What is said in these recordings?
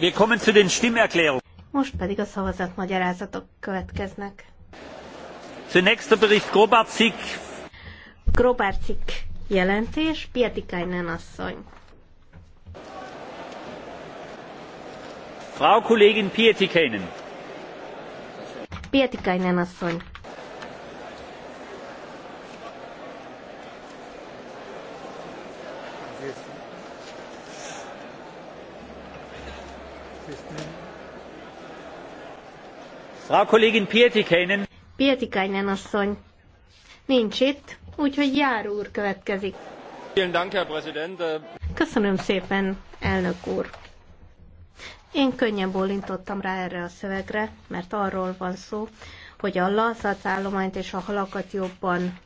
Wir kommen zu den Stimmerklärungen. Most pedig a szavazatmagyarázatok következnek. Zunächst a Bericht Grobarczyk. Grobarczyk jelentés, Pietikainen asszony. Frau Kollegin Pietikainen. Pietikainen asszony. Frau Kollegin Pietikäinen. Pietikäinen asszony. Nincs itt, úgyhogy Jár úr következik. Köszönöm szépen, elnök úr. Én könnyen bólintottam rá erre a szövegre, mert arról van szó, hogy a állományt és a halakat jobban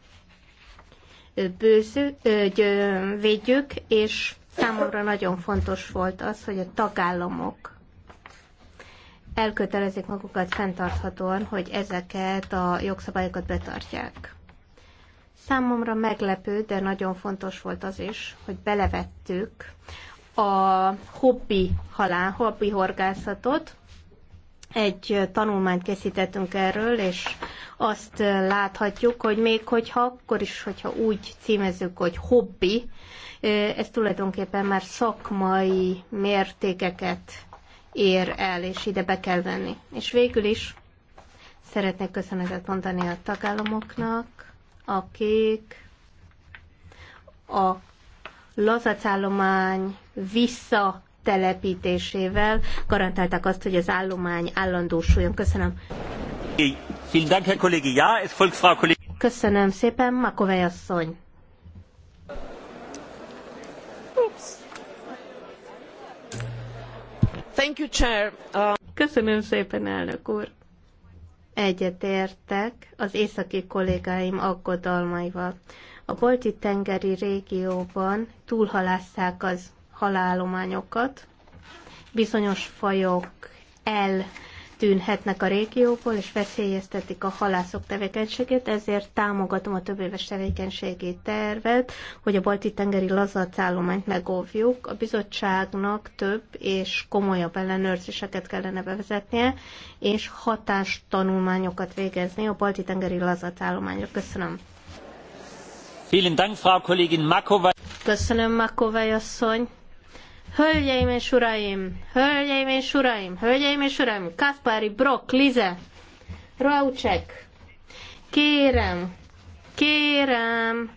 bőző, védjük, és számomra nagyon fontos volt az, hogy a tagállamok elkötelezik magukat fenntarthatóan, hogy ezeket a jogszabályokat betartják. Számomra meglepő, de nagyon fontos volt az is, hogy belevettük a hobbi halál, hobbi horgászatot. Egy tanulmányt készítettünk erről, és azt láthatjuk, hogy még hogyha akkor is, hogyha úgy címezzük, hogy hobbi, ez tulajdonképpen már szakmai mértékeket ér el, és ide be kell venni. És végül is szeretnék köszönetet mondani a tagállamoknak, akik a lazacállomány vissza telepítésével garantálták azt, hogy az állomány állandósuljon. Köszönöm. Köszönöm szépen, Makovej asszony. Uh, Köszönöm szépen, elnök úr. Egyetértek az északi kollégáim aggodalmaival. A bolti tengeri régióban túlhalásszák az halálományokat, bizonyos fajok el tűnhetnek a régióból, és veszélyeztetik a halászok tevékenységét, ezért támogatom a több éves tevékenységi tervet, hogy a balti tengeri lazacállományt megóvjuk. A bizottságnak több és komolyabb ellenőrzéseket kellene bevezetnie, és hatástanulmányokat végezni a balti tengeri lazacállományra. Köszönöm. Köszönöm, Makovai asszony. Hölgyeim és uraim, hölgyeim és uraim, hölgyeim és uraim, Kaspari, Brock, Lize, Raucek, kérem, kérem,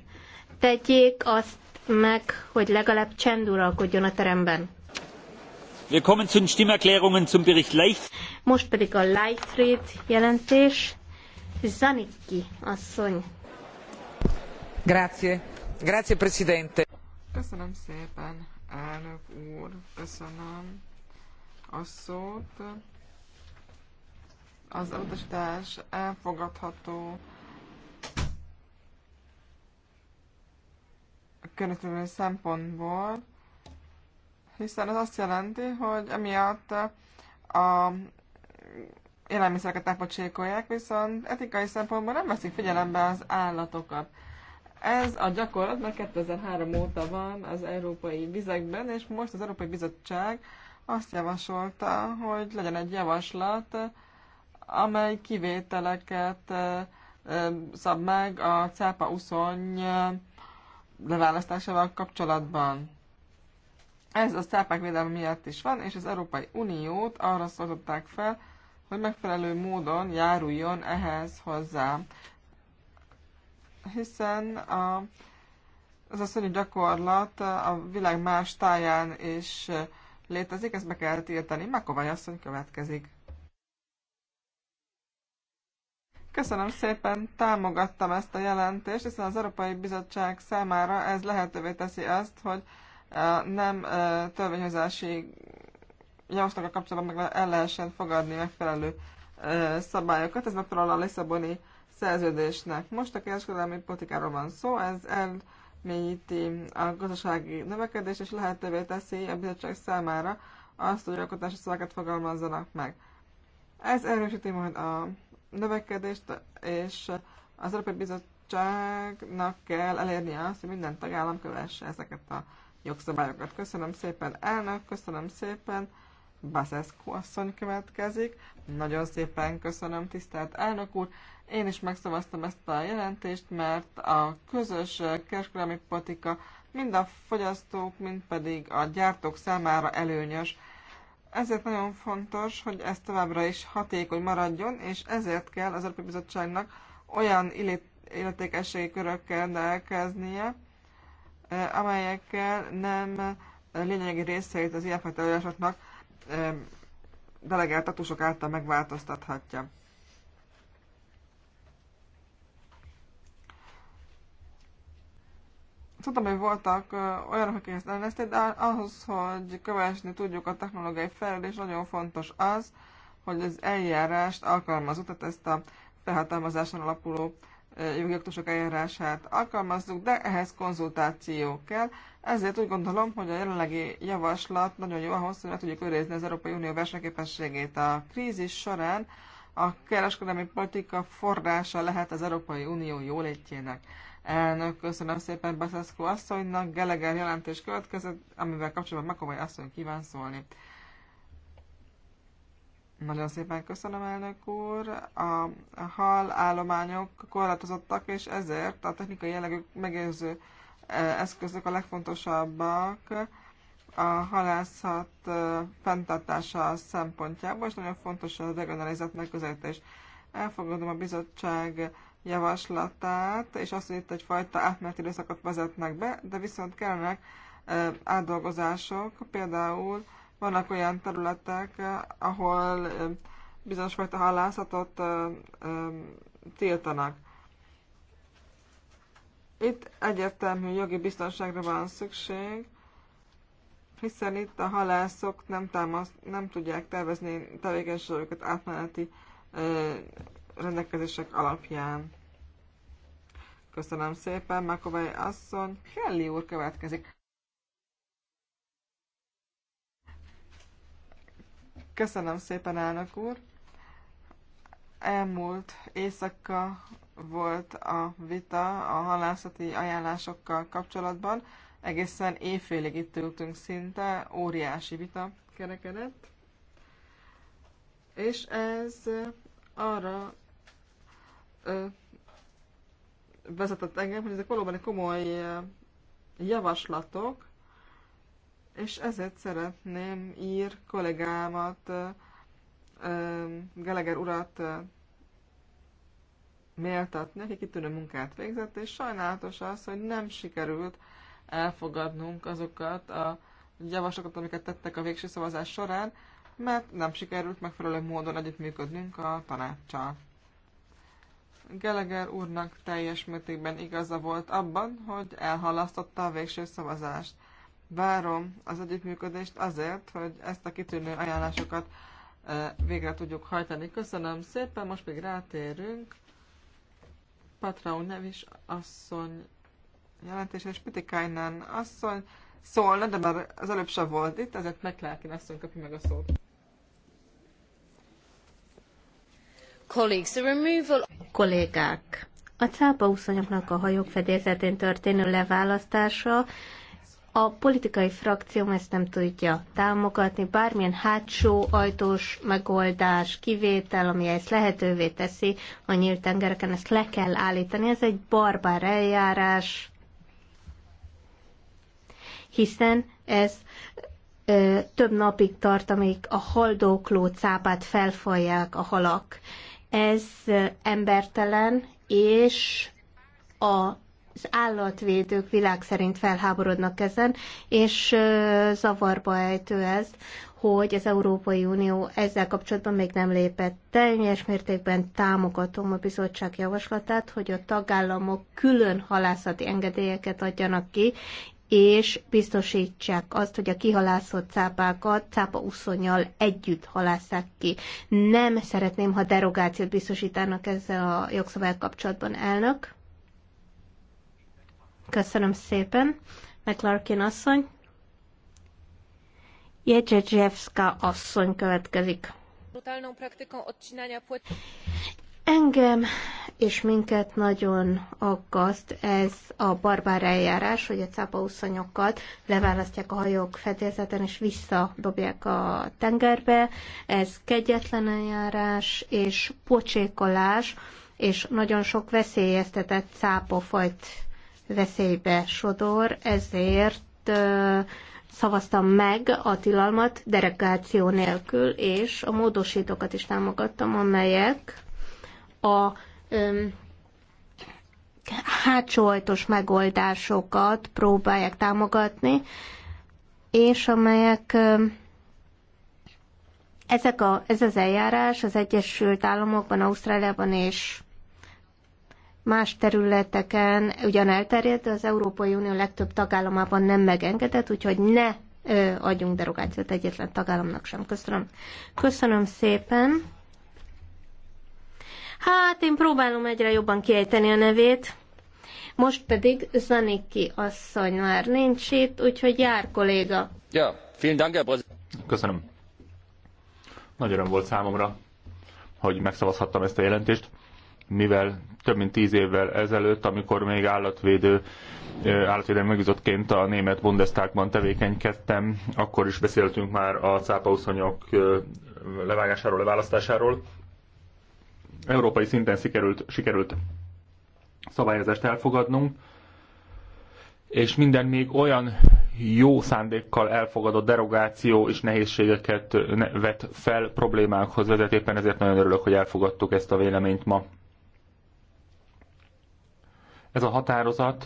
tegyék azt meg, hogy legalább csend uralkodjon a teremben. Wir kommen zu den Stimmerklärungen zum Bericht Leicht. Most pedig a Leichtfried jelentés. Zanicki asszony. Grazie. Grazie, Presidente. Köszönöm szépen, elnök úr, köszönöm a szót. Az utasítás elfogadható körülbelül szempontból, hiszen ez azt jelenti, hogy emiatt a élelmiszereket elpocsékolják, viszont etikai szempontból nem veszik figyelembe az állatokat. Ez a gyakorlat már 2003 óta van az európai vizekben, és most az Európai Bizottság azt javasolta, hogy legyen egy javaslat, amely kivételeket szab meg a cápa uszony leválasztásával kapcsolatban. Ez a cápák védelme miatt is van, és az Európai Uniót arra szólították fel, hogy megfelelő módon járuljon ehhez hozzá hiszen a, az a szörnyű gyakorlat a világ más táján is létezik, ezt be kell tiltani. Makovály asszony következik. Köszönöm szépen, támogattam ezt a jelentést, hiszen az Európai Bizottság számára ez lehetővé teszi azt, hogy e, nem e, törvényhozási javaslatokkal kapcsolatban meg el lehessen fogadni megfelelő e, szabályokat. Ez megfelel a Lisszaboni szerződésnek. Most a kereskedelmi politikáról van szó, ez elmélyíti a gazdasági növekedést, és lehetővé teszi a bizottság számára azt, hogy alkotási szavakat fogalmazzanak meg. Ez erősíti majd a növekedést, és az Európai Bizottságnak kell elérnie azt, hogy minden tagállam kövesse ezeket a jogszabályokat. Köszönöm szépen elnök, köszönöm szépen Baszeszkó asszony következik. Nagyon szépen köszönöm, tisztelt elnök úr. Én is megszavaztam ezt a jelentést, mert a közös kereskedelmi politika mind a fogyasztók, mind pedig a gyártók számára előnyös. Ezért nagyon fontos, hogy ez továbbra is hatékony maradjon, és ezért kell az Európai Bizottságnak olyan illetékességi körökkel rendelkeznie, eh, amelyekkel nem lényegi részeit az ilyenfajta előírásoknak delegáltatósok által megváltoztathatja. Tudom, hogy voltak olyanok, akik ezt elnézték, de ahhoz, hogy kövesni tudjuk a technológiai fejlődést, nagyon fontos az, hogy az eljárást alkalmazott, tehát ezt a behatalmazáson alapuló jogi aktusok eljárását alkalmazzuk, de ehhez konzultáció kell. Ezért úgy gondolom, hogy a jelenlegi javaslat nagyon jó ahhoz, hogy meg tudjuk őrizni az Európai Unió versenyképességét. A krízis során a kereskedelmi politika forrása lehet az Európai Unió jólétjének. Elnök, köszönöm szépen Baszeszko asszonynak, Geleger jelentés következett, amivel kapcsolatban Makovai asszony kíván szólni. Nagyon szépen köszönöm, elnök úr. A, hal állományok korlátozottak, és ezért a technikai jellegű megérző e, eszközök a legfontosabbak a halászat e, fenntartása szempontjából, és nagyon fontos a regionalizált megközelítés. Elfogadom a bizottság javaslatát, és azt, hogy itt egyfajta átmeneti időszakot vezetnek be, de viszont kellenek e, átdolgozások, például vannak olyan területek, eh, ahol eh, bizonyos fajta halászatot eh, tiltanak. Itt egyértelmű jogi biztonságra van szükség, hiszen itt a halászok nem, támaszt, nem tudják tervezni tevékenységüket átmeneti ö, rendelkezések alapján. Köszönöm szépen, Makovai asszony. Kelly úr következik. Köszönöm szépen, elnök úr! Elmúlt éjszaka volt a vita a halászati ajánlásokkal kapcsolatban. Egészen éjfélig itt ültünk szinte, óriási vita kerekedett. És ez arra ö, vezetett engem, hogy ezek valóban komoly javaslatok, és ezért szeretném ír kollégámat, Geleger urat méltatni, aki kitűnő munkát végzett, és sajnálatos az, hogy nem sikerült elfogadnunk azokat a javaslatokat, amiket tettek a végső szavazás során, mert nem sikerült megfelelő módon együttműködnünk a tanácssal. Geleger úrnak teljes mértékben igaza volt abban, hogy elhalasztotta a végső szavazást várom az együttműködést azért, hogy ezt a kitűnő ajánlásokat végre tudjuk hajtani. Köszönöm szépen, most még rátérünk. Patraun Nevis asszony jelentése, és Pitikainen asszony szólna, de már az előbb sem volt itt, ezért McLarkin asszony kapja meg a szót. removal... Kollégák, a cápa úszonyoknak a hajók fedélzetén történő leválasztása a politikai frakcióm ezt nem tudja támogatni. Bármilyen hátsó ajtós megoldás, kivétel, ami ezt lehetővé teszi a nyílt tengereken, ezt le kell állítani. Ez egy barbár eljárás, hiszen ez ö, több napig tart, amíg a haldokló cápát felfalják a halak. Ez embertelen, és a az állatvédők világ szerint felháborodnak ezen, és zavarba ejtő ez, hogy az Európai Unió ezzel kapcsolatban még nem lépett. Teljes mértékben támogatom a bizottság javaslatát, hogy a tagállamok külön halászati engedélyeket adjanak ki, és biztosítsák azt, hogy a kihalászott cápákat uszonyjal együtt halásszák ki. Nem szeretném, ha derogációt biztosítanak ezzel a jogszabály kapcsolatban elnök. Köszönöm szépen, McLarkin asszony. Jedzsedzsevszka asszony következik. Engem és minket nagyon aggaszt ez a barbár eljárás, hogy a cápauszonyokat leválasztják a hajók fedélzeten és visszadobják a tengerbe. Ez kegyetlen eljárás és pocsékolás, és nagyon sok veszélyeztetett cápafajt veszélybe sodor, ezért szavaztam meg a tilalmat delegáció nélkül, és a módosítókat is támogattam, amelyek a öm, hátsó ajtós megoldásokat próbálják támogatni, és amelyek öm, ezek a, ez az eljárás az Egyesült Államokban, Ausztráliában és Más területeken ugyan elterjedt, de az Európai Unió legtöbb tagállamában nem megengedett, úgyhogy ne ö, adjunk derogációt egyetlen tagállamnak sem. Köszönöm. Köszönöm szépen. Hát én próbálom egyre jobban kiejteni a nevét. Most pedig Zaniki, asszony már nincs itt, úgyhogy jár kolléga. Ja, vielen Dank, Herr Köszönöm. Nagy öröm volt számomra, hogy megszavazhattam ezt a jelentést mivel több mint tíz évvel ezelőtt, amikor még állatvédő, állatvédelmi megbízottként a német Bundestagban tevékenykedtem, akkor is beszéltünk már a cápauszonyok levágásáról, leválasztásáról. Európai szinten sikerült, sikerült szabályozást elfogadnunk, és minden még olyan jó szándékkal elfogadott derogáció és nehézségeket vet fel problémákhoz vezet. Éppen ezért nagyon örülök, hogy elfogadtuk ezt a véleményt ma. Ez a határozat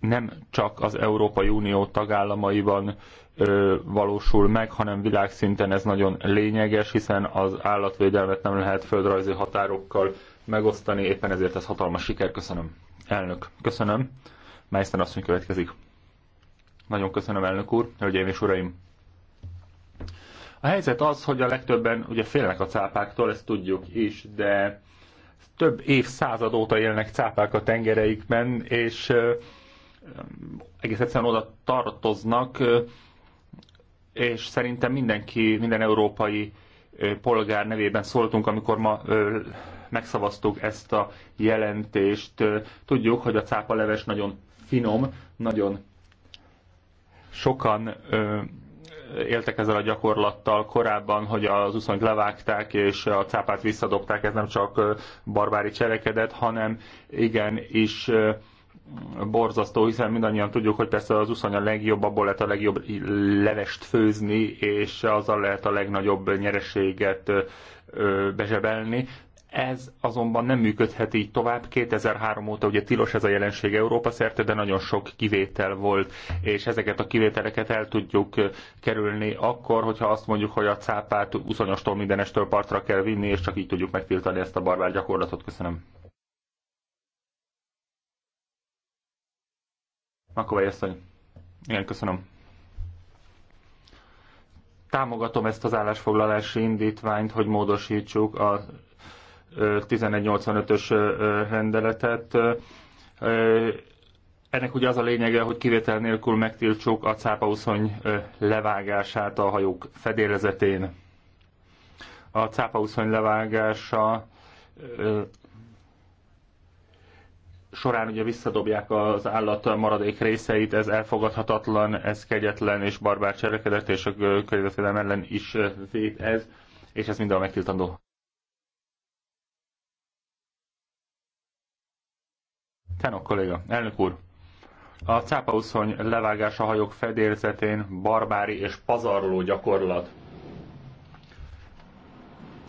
nem csak az Európai Unió tagállamaiban ö, valósul meg, hanem világszinten ez nagyon lényeges, hiszen az állatvédelmet nem lehet földrajzi határokkal megosztani, éppen ezért ez hatalmas siker. Köszönöm. Elnök, köszönöm. Meister asszony következik. Nagyon köszönöm, elnök úr, hölgyeim és uraim. A helyzet az, hogy a legtöbben ugye félnek a cápáktól, ezt tudjuk is, de több évszázad óta élnek cápák a tengereikben, és egész egyszerűen oda tartoznak, és szerintem mindenki, minden európai polgár nevében szóltunk, amikor ma megszavaztuk ezt a jelentést. Tudjuk, hogy a leves nagyon finom, nagyon sokan éltek ezzel a gyakorlattal korábban, hogy az uszonyt levágták és a cápát visszadobták, ez nem csak barbári cselekedet, hanem igen is borzasztó, hiszen mindannyian tudjuk, hogy persze az uszony a legjobb, abból lehet a legjobb levest főzni, és azzal lehet a legnagyobb nyereséget bezsebelni, ez azonban nem működhet így tovább. 2003 óta ugye tilos ez a jelenség Európa szerte, de nagyon sok kivétel volt, és ezeket a kivételeket el tudjuk kerülni akkor, hogyha azt mondjuk, hogy a cápát uszonyastól mindenestől partra kell vinni, és csak így tudjuk megtiltani ezt a barbár gyakorlatot. Köszönöm. Makovai asszony. Igen, köszönöm. Támogatom ezt az állásfoglalási indítványt, hogy módosítsuk a 1185-ös rendeletet. Ennek ugye az a lényege, hogy kivétel nélkül megtiltsuk a cápauszony levágását a hajók fedélzetén. A cápauszony levágása során ugye visszadobják az állat maradék részeit, ez elfogadhatatlan, ez kegyetlen és barbár cselekedet, és a környezetvédelem ellen is vét ez, és ez mind a megtiltandó. Tenok kolléga, elnök úr, a uszony levágása hajók fedélzetén barbári és pazarló gyakorlat.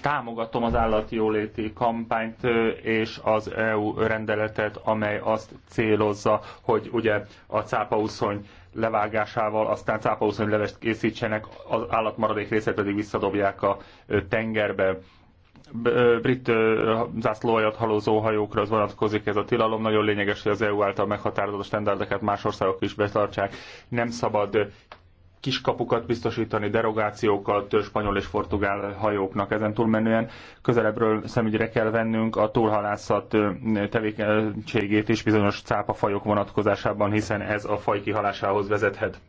Támogatom az állati jóléti kampányt és az EU rendeletet, amely azt célozza, hogy ugye a cápauszony levágásával, aztán cápauszony levest készítsenek, az állatmaradék részét pedig visszadobják a tengerbe brit zászlóajat halózó hajókra az vonatkozik ez a tilalom. Nagyon lényeges, hogy az EU által meghatározott standardeket más országok is betartsák. Nem szabad kiskapukat biztosítani, derogációkat spanyol és portugál hajóknak ezen túlmenően. Közelebbről szemügyre kell vennünk a túlhalászat tevékenységét is bizonyos cápafajok vonatkozásában, hiszen ez a faj kihalásához vezethet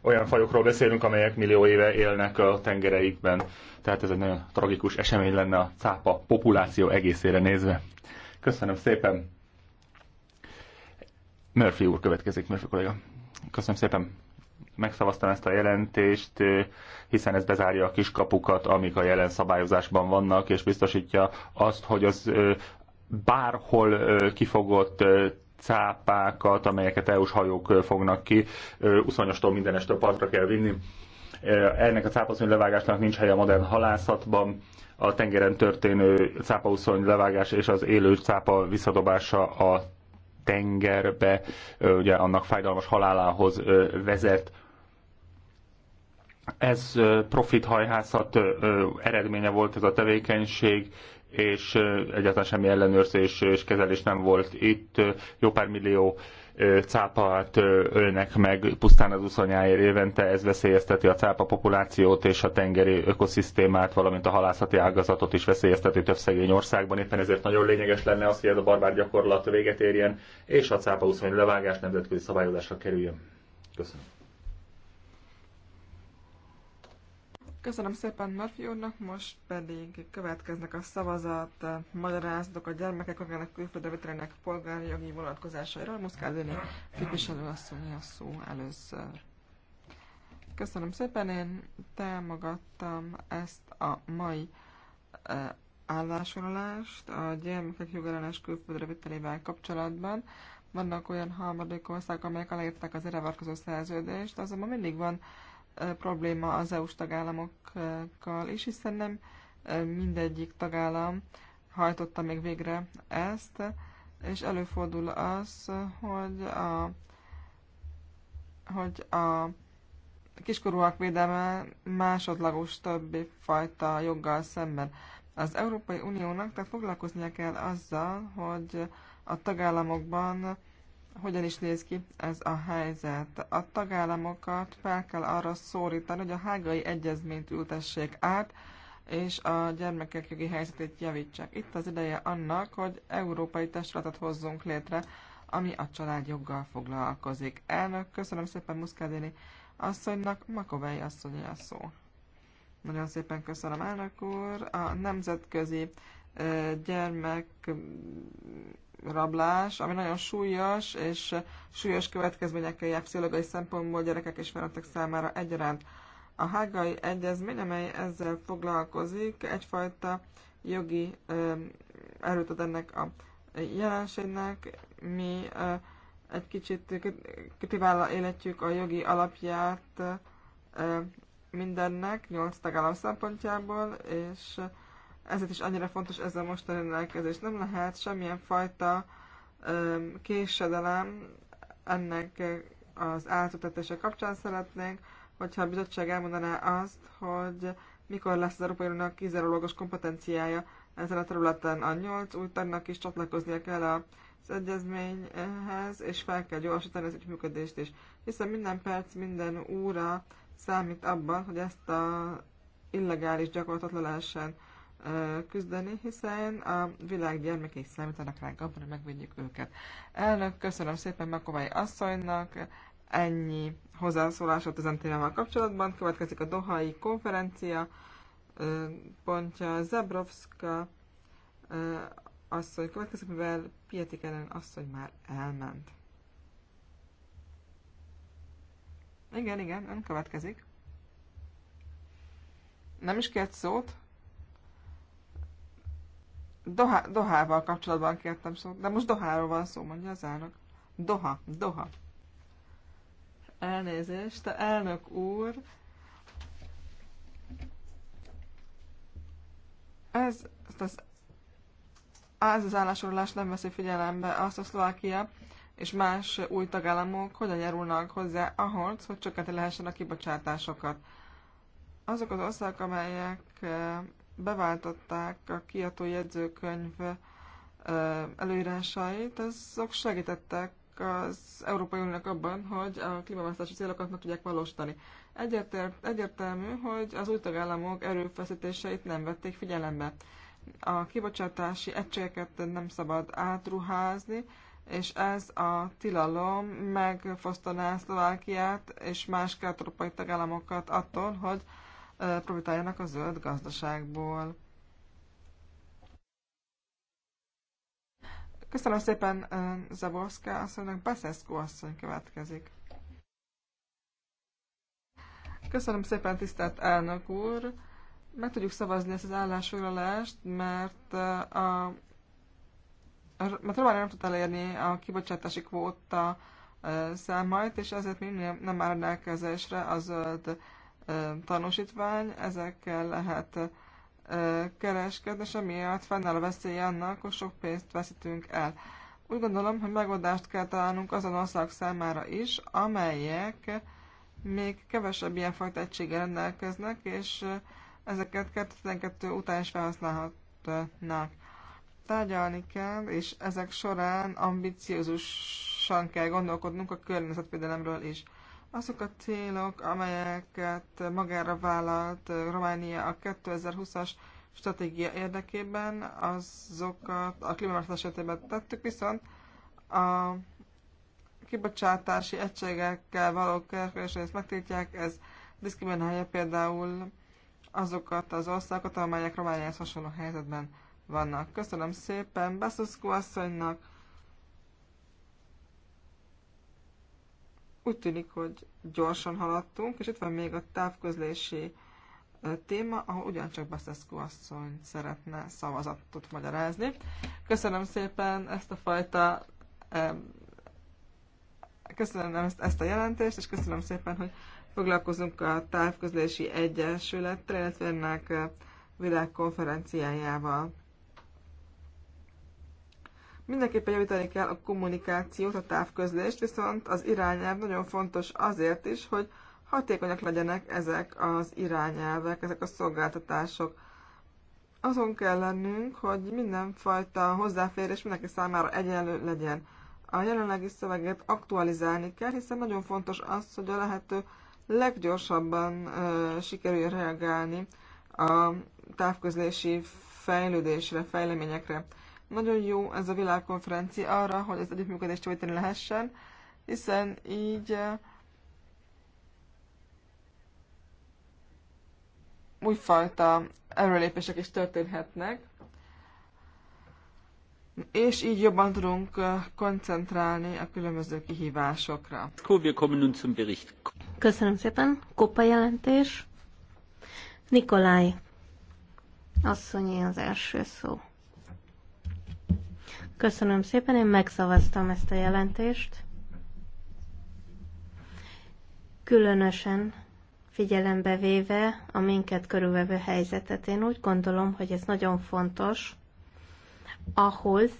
olyan fajokról beszélünk, amelyek millió éve élnek a tengereikben. Tehát ez egy nagyon tragikus esemény lenne a cápa populáció egészére nézve. Köszönöm szépen. Murphy úr következik, Murphy kolléga. Köszönöm szépen megszavaztam ezt a jelentést, hiszen ez bezárja a kiskapukat, amik a jelen szabályozásban vannak, és biztosítja azt, hogy az bárhol kifogott cápákat, amelyeket EU-s hajók fognak ki, uszonyostól mindenestől partra kell vinni. Ennek a cápaszony levágásnak nincs helye a modern halászatban. A tengeren történő cápauszony levágás és az élő cápa visszadobása a tengerbe, ugye annak fájdalmas halálához vezet. Ez profithajhászat eredménye volt ez a tevékenység, és egyáltalán semmi ellenőrzés és kezelés nem volt itt. Jó pár millió cápát ölnek meg pusztán az uszonyáért évente, ez veszélyezteti a cápa populációt és a tengeri ökoszisztémát, valamint a halászati ágazatot is veszélyezteti több szegény országban. Éppen ezért nagyon lényeges lenne az, hogy ez a barbár gyakorlat véget érjen, és a cápa uszony levágás nemzetközi szabályozásra kerüljön. Köszönöm. Köszönöm szépen Murphy úrnak, most pedig következnek a szavazat eh, magyarázatok a gyermekek magának külföldre vitelének polgári jogi vonatkozásairól. Muszkádőni képviselő asszony a szó először. Köszönöm szépen, én támogattam ezt a mai eh, állásolást a gyermekek jogellenes külföldre vitelével kapcsolatban. Vannak olyan harmadik országok, amelyek aláírták az erre szerződést, azonban mindig van probléma az EU-s tagállamokkal is, hiszen nem mindegyik tagállam hajtotta még végre ezt, és előfordul az, hogy a, hogy a kiskorúak védelme másodlagos többi fajta joggal szemben. Az Európai Uniónak tehát foglalkoznia kell azzal, hogy a tagállamokban hogyan is néz ki ez a helyzet. A tagállamokat fel kell arra szólítani, hogy a hágai egyezményt ültessék át, és a gyermekek jogi helyzetét javítsák. Itt az ideje annak, hogy európai testületet hozzunk létre, ami a családjoggal foglalkozik. Elnök, köszönöm szépen Muszkádéni asszonynak, Makovei asszonyi a szó. Nagyon szépen köszönöm, elnök úr. A nemzetközi gyermekrablás, ami nagyon súlyos, és súlyos következményekkel jár pszichológiai szempontból gyerekek és felnőttek számára egyaránt. A hágai egyezmény, amely ezzel foglalkozik, egyfajta jogi erőt ad ennek a jelenségnek. Mi egy kicsit kritiválva életjük a jogi alapját mindennek, nyolc tagállam szempontjából, és ezért is annyira fontos ez a mostani rendelkezés. Nem lehet semmilyen fajta késedelem ennek az átutatása kapcsán szeretnénk, hogyha a bizottság elmondaná azt, hogy mikor lesz az Európai Uniónak kizárólagos kompetenciája ezen a területen a nyolc új tagnak is csatlakoznia kell az egyezményhez, és fel kell gyorsítani az ügyműködést is. Hiszen minden perc, minden óra számít abban, hogy ezt a illegális gyakorlatot le lehessen küzdeni, hiszen a világ gyermekei számítanak ránk abban, hogy megvédjük őket. Elnök, köszönöm szépen Makovai asszonynak, ennyi hozzászólásot ezen témával kapcsolatban. Következik a Dohai konferencia pontja Zebrovska asszony következik, mivel Pietik ellen asszony már elment. Igen, igen, ön következik. Nem is kért szót? Doha, Dohával kapcsolatban kértem szó. de most Doháról van szó, mondja az elnök. Doha, Doha. Elnézést, elnök úr. Ez, ez, ez az állásorolás nem veszi figyelembe azt, a Szlovákia és más új tagállamok hogyan járulnak hozzá ahhoz, hogy csökkenti lehessen a kibocsátásokat. Azok az országok, amelyek beváltották a kiadó jegyzőkönyv előírásait, azok segítettek az Európai Uniónak abban, hogy a klímaváltozási célokat meg tudják valósítani. egyértelmű, hogy az új tagállamok erőfeszítéseit nem vették figyelembe. A kibocsátási egységeket nem szabad átruházni, és ez a tilalom megfosztaná Szlovákiát és más kelet-európai tagállamokat attól, hogy profitáljanak a zöld gazdaságból. Köszönöm szépen Zaborszka asszonynak, Baszeszko asszony következik. Köszönöm szépen, tisztelt elnök úr! Meg tudjuk szavazni ezt az állásfoglalást, mert a mert Románia nem tud elérni a kibocsátási kvóta számait, és ezért mi nem áll rendelkezésre a zöld tanúsítvány, ezekkel lehet kereskedni, és emiatt fennáll a veszély annak, hogy sok pénzt veszítünk el. Úgy gondolom, hogy megoldást kell találnunk azon országok számára is, amelyek még kevesebb fajta egységgel rendelkeznek, és ezeket 2012 után is felhasználhatnák. Tárgyalni kell, és ezek során ambiciózusan kell gondolkodnunk a környezetvédelemről is. Azok a célok, amelyeket magára vállalt Románia a 2020-as stratégia érdekében, azokat a klímaváltozás esetében tettük, viszont a kibocsátási egységekkel való ezt megtiltják, ez diszkriminálja például azokat az országokat, amelyek Romániához hasonló helyzetben vannak. Köszönöm szépen Beszuszku asszonynak, Úgy tűnik, hogy gyorsan haladtunk, és itt van még a távközlési téma, ahol ugyancsak Baszeszkó asszony szeretne szavazatot magyarázni. Köszönöm szépen ezt a fajta köszönöm ezt, ezt a jelentést, és köszönöm szépen, hogy foglalkozunk a távközlési egyesületre, illetve ennek világkonferenciájával. Mindenképpen javítani kell a kommunikációt, a távközlést, viszont az irányelv nagyon fontos azért is, hogy hatékonyak legyenek ezek az irányelvek, ezek a szolgáltatások. Azon kell lennünk, hogy mindenfajta hozzáférés mindenki számára egyenlő legyen. A jelenlegi szöveget aktualizálni kell, hiszen nagyon fontos az, hogy a lehető leggyorsabban ö, sikerül reagálni a távközlési fejlődésre, fejleményekre. Nagyon jó ez a világkonferencia arra, hogy az együttműködést javítani lehessen, hiszen így eh, újfajta erőlépések is történhetnek, és így jobban tudunk eh, koncentrálni a különböző kihívásokra. Köszönöm szépen. Kopa jelentés. Nikolaj asszonyi az első szó. Köszönöm szépen, én megszavaztam ezt a jelentést. Különösen figyelembe véve a minket körülvevő helyzetet. Én úgy gondolom, hogy ez nagyon fontos ahhoz,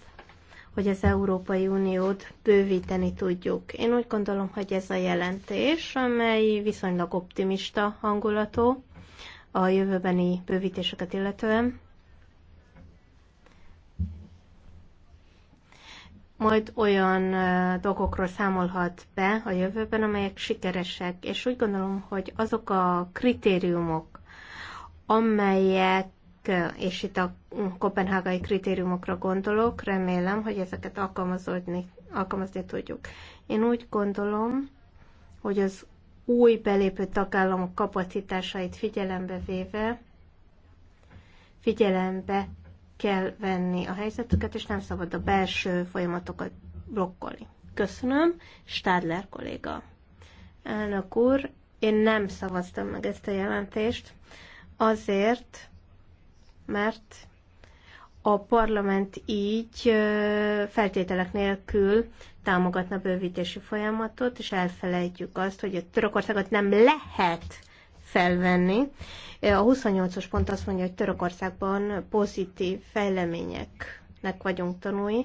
hogy az Európai Uniót bővíteni tudjuk. Én úgy gondolom, hogy ez a jelentés, amely viszonylag optimista hangulatú a jövőbeni bővítéseket illetően, majd olyan dolgokról számolhat be a jövőben, amelyek sikeresek. És úgy gondolom, hogy azok a kritériumok, amelyek, és itt a kopenhágai kritériumokra gondolok, remélem, hogy ezeket alkalmazódni, alkalmazni tudjuk. Én úgy gondolom, hogy az új belépő tagállamok kapacitásait figyelembe véve, figyelembe kell venni a helyzetüket, és nem szabad a belső folyamatokat blokkolni. Köszönöm, Stadler kolléga. Elnök úr, én nem szavaztam meg ezt a jelentést, azért, mert a parlament így feltételek nélkül támogatna bővítési folyamatot, és elfelejtjük azt, hogy a Törökországot nem lehet felvenni. A 28-os pont azt mondja, hogy Törökországban pozitív fejleményeknek vagyunk tanulni.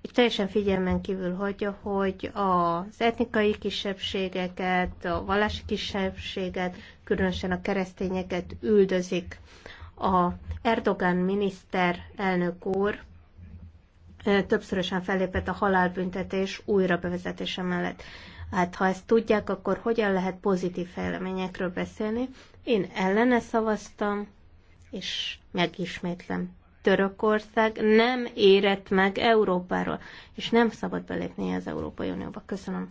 Itt teljesen figyelmen kívül hagyja, hogy az etnikai kisebbségeket, a vallási kisebbséget, különösen a keresztényeket üldözik. A Erdogan miniszter elnök úr többszörösen fellépett a halálbüntetés újra bevezetése mellett. Hát ha ezt tudják, akkor hogyan lehet pozitív fejleményekről beszélni? Én ellene szavaztam, és megismétlem. Törökország nem érett meg Európáról, és nem szabad belépni az Európai Unióba. Köszönöm.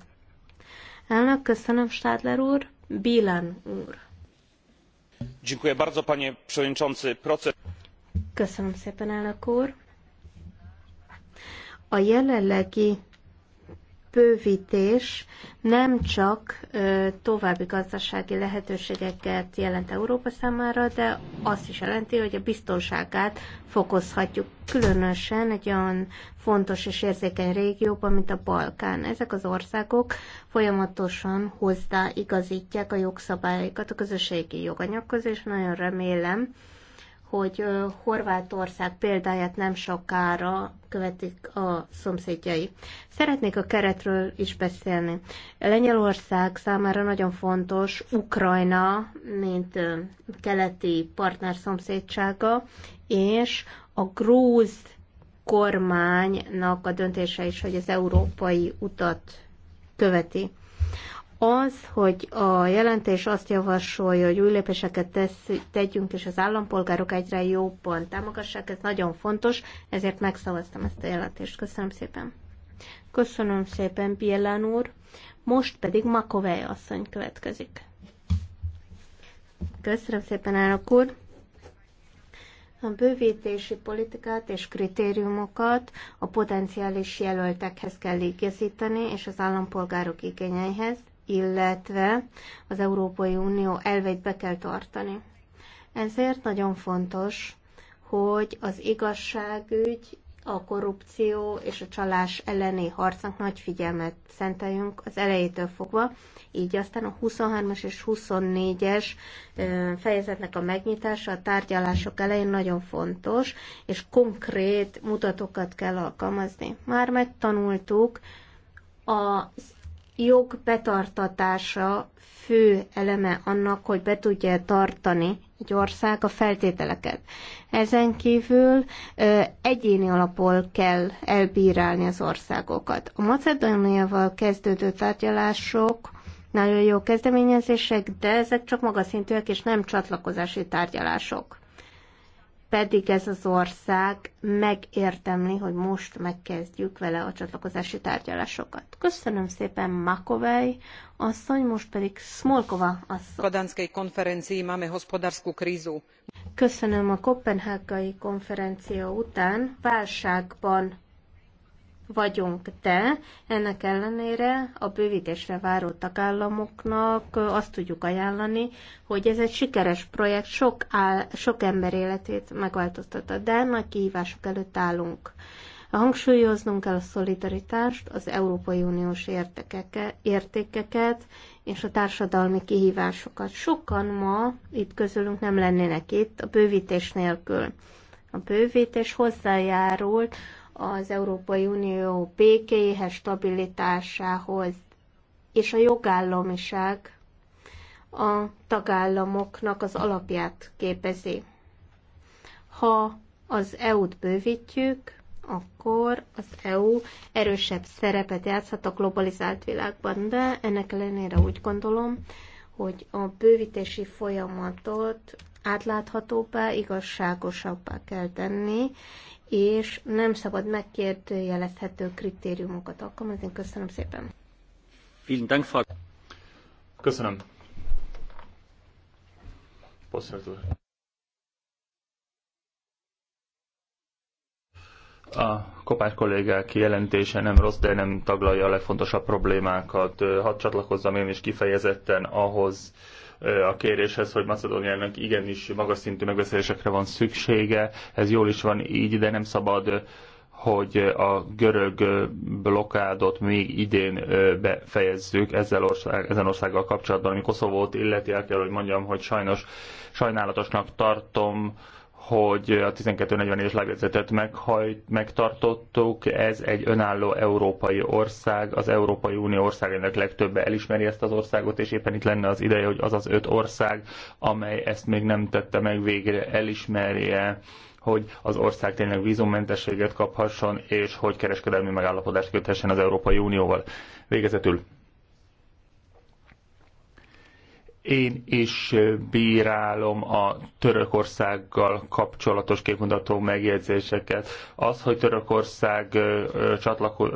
Elnök, köszönöm, Stadler úr. Bílán úr. Dziękuję bardzo, panie przewodniczący. Proces... Köszönöm szépen, elnök úr. A jelenlegi bővítés nem csak további gazdasági lehetőségeket jelent Európa számára, de azt is jelenti, hogy a biztonságát fokozhatjuk, különösen egy olyan fontos és érzékeny régióban, mint a Balkán. Ezek az országok folyamatosan hozzáigazítják a jogszabályokat a közösségi joganyaghoz, és nagyon remélem, hogy Horvátország példáját nem sokára követik a szomszédjai. Szeretnék a keretről is beszélni. Lengyelország számára nagyon fontos Ukrajna, mint keleti partner szomszédsága, és a grúz kormánynak a döntése is, hogy az európai utat követi az, hogy a jelentés azt javasolja, hogy új lépéseket tesz, tegyünk, és az állampolgárok egyre jobban támogassák, ez nagyon fontos, ezért megszavaztam ezt a jelentést. Köszönöm szépen. Köszönöm szépen, Bielán úr. Most pedig Makovej asszony következik. Köszönöm szépen, elnök úr. A bővítési politikát és kritériumokat a potenciális jelöltekhez kell igazítani, és az állampolgárok igényeihez, illetve az Európai Unió elveit be kell tartani. Ezért nagyon fontos, hogy az igazságügy, a korrupció és a csalás elleni harcnak nagy figyelmet szenteljünk az elejétől fogva, így aztán a 23-as és 24-es fejezetnek a megnyitása a tárgyalások elején nagyon fontos, és konkrét mutatókat kell alkalmazni. Már megtanultuk az jog betartatása fő eleme annak, hogy be tudja tartani egy ország a feltételeket. Ezen kívül ö, egyéni alapból kell elbírálni az országokat. A Macedóniával kezdődő tárgyalások nagyon jó kezdeményezések, de ezek csak magaszintűek és nem csatlakozási tárgyalások pedig ez az ország megértemli, hogy most megkezdjük vele a csatlakozási tárgyalásokat. Köszönöm szépen Makovej asszony, most pedig Smolkova asszony. Kadanszkai konferencii máme hospodárskú krízu. Köszönöm a Kopenhágai konferencia után válságban vagyunk, de ennek ellenére a bővítésre váró tagállamoknak azt tudjuk ajánlani, hogy ez egy sikeres projekt, sok, áll, sok ember életét megváltoztatta, de nagy kihívások előtt állunk. Hangsúlyoznunk kell a szolidaritást, az Európai Uniós értekeke, értékeket és a társadalmi kihívásokat. Sokan ma itt közülünk nem lennének itt a bővítés nélkül. A bővítés hozzájárult az Európai Unió békéhez, stabilitásához és a jogállamiság a tagállamoknak az alapját képezi. Ha az EU-t bővítjük, akkor az EU erősebb szerepet játszhat a globalizált világban, de ennek ellenére úgy gondolom, hogy a bővítési folyamatot átláthatóbbá, igazságosabbá kell tenni, és nem szabad megkérdőjelezhető kritériumokat alkalmazni. Köszönöm szépen. Köszönöm. A kopás kollégák jelentése nem rossz, de nem taglalja a legfontosabb problémákat. Hadd csatlakozzam én is kifejezetten ahhoz, a kéréshez, hogy Macedóniának igenis magas szintű megbeszélésekre van szüksége. Ez jól is van így, de nem szabad hogy a görög blokádot még idén befejezzük ezzel ország, ezen országgal kapcsolatban, ami Koszovót illeti, el kell, hogy mondjam, hogy sajnos sajnálatosnak tartom, hogy a 1244-es lábjegyzetet megtartottuk. Ez egy önálló európai ország, az Európai Unió országainak legtöbbe elismeri ezt az országot, és éppen itt lenne az ideje, hogy az az öt ország, amely ezt még nem tette meg végre, elismerje hogy az ország tényleg vízummentességet kaphasson, és hogy kereskedelmi megállapodást köthessen az Európai Unióval. Végezetül én is bírálom a Törökországgal kapcsolatos képmutató megjegyzéseket. Az, hogy Törökország csatlako-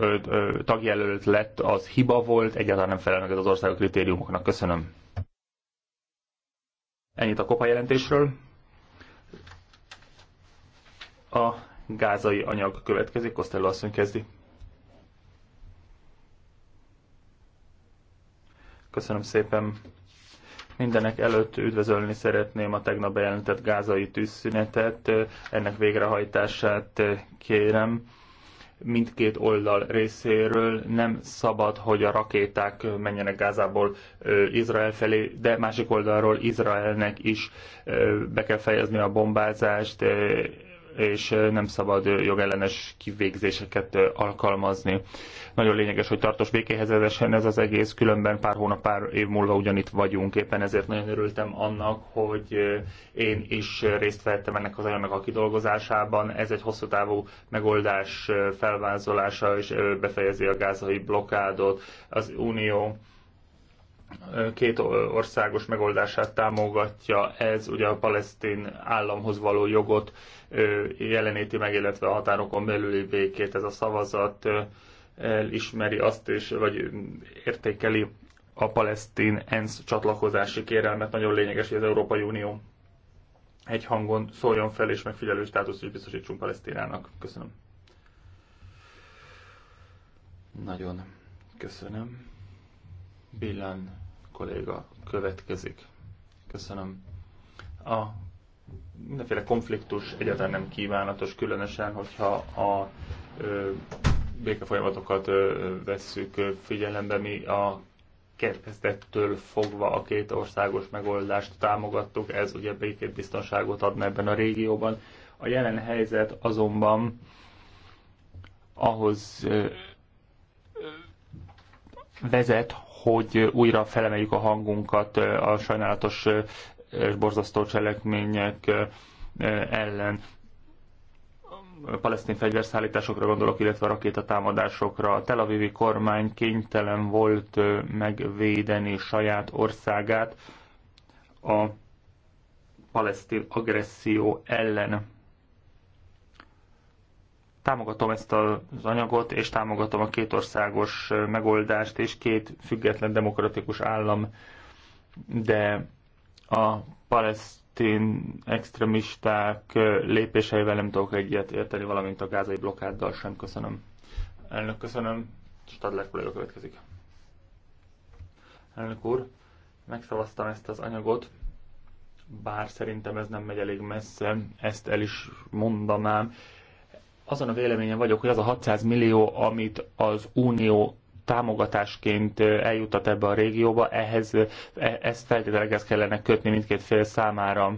tagjelölt lett, az hiba volt, egyáltalán nem felel meg az ország kritériumoknak. Köszönöm. Ennyit a kopa jelentésről. A gázai anyag következik, Costello asszony kezdi. Köszönöm szépen. Mindenek előtt üdvözölni szeretném a tegnap bejelentett gázai tűzszünetet, ennek végrehajtását kérem mindkét oldal részéről nem szabad, hogy a rakéták menjenek Gázából Izrael felé, de másik oldalról Izraelnek is be kell fejezni a bombázást, és nem szabad jogellenes kivégzéseket alkalmazni. Nagyon lényeges, hogy tartós békéhez vezessen ez az egész, különben pár hónap, pár év múlva ugyanitt vagyunk. Éppen ezért nagyon örültem annak, hogy én is részt vettem ennek az anyagnak a kidolgozásában. Ez egy hosszú távú megoldás felvázolása, és befejezi a gázai blokkádot. Az Unió két országos megoldását támogatja, ez ugye a palesztin államhoz való jogot jeleníti meg, illetve a határokon belüli békét. Ez a szavazat elismeri azt is, vagy értékeli a palesztin ENSZ csatlakozási kérelmet. Nagyon lényeges, hogy az Európai Unió egy hangon szóljon fel, és megfigyelő státuszt is biztosítsunk Palesztinának. Köszönöm. Nagyon köszönöm. Billán kolléga következik. Köszönöm. A mindenféle konfliktus egyáltalán nem kívánatos, különösen, hogyha a ö, békefolyamatokat vesszük figyelembe. Mi a kezdettől fogva a két országos megoldást támogattuk, ez ugye békét, biztonságot adna ebben a régióban. A jelen helyzet azonban ahhoz ö, ö, vezet, hogy újra felemeljük a hangunkat a sajnálatos és borzasztó cselekmények ellen. A palesztin fegyverszállításokra gondolok, illetve a rakétatámadásokra. A Tel Avivi kormány kénytelen volt megvédeni saját országát a palesztin agresszió ellen Támogatom ezt az anyagot, és támogatom a két országos megoldást, és két független demokratikus állam, de a palesztin extremisták lépéseivel nem tudok egyet érteni, valamint a gázai blokkáddal sem. Köszönöm. Elnök, köszönöm. Stadler kollega következik. Elnök úr, megszavaztam ezt az anyagot, bár szerintem ez nem megy elég messze, ezt el is mondanám azon a véleményen vagyok, hogy az a 600 millió, amit az Unió támogatásként eljutat ebbe a régióba, ehhez e, ezt feltételekhez kellene kötni mindkét fél számára.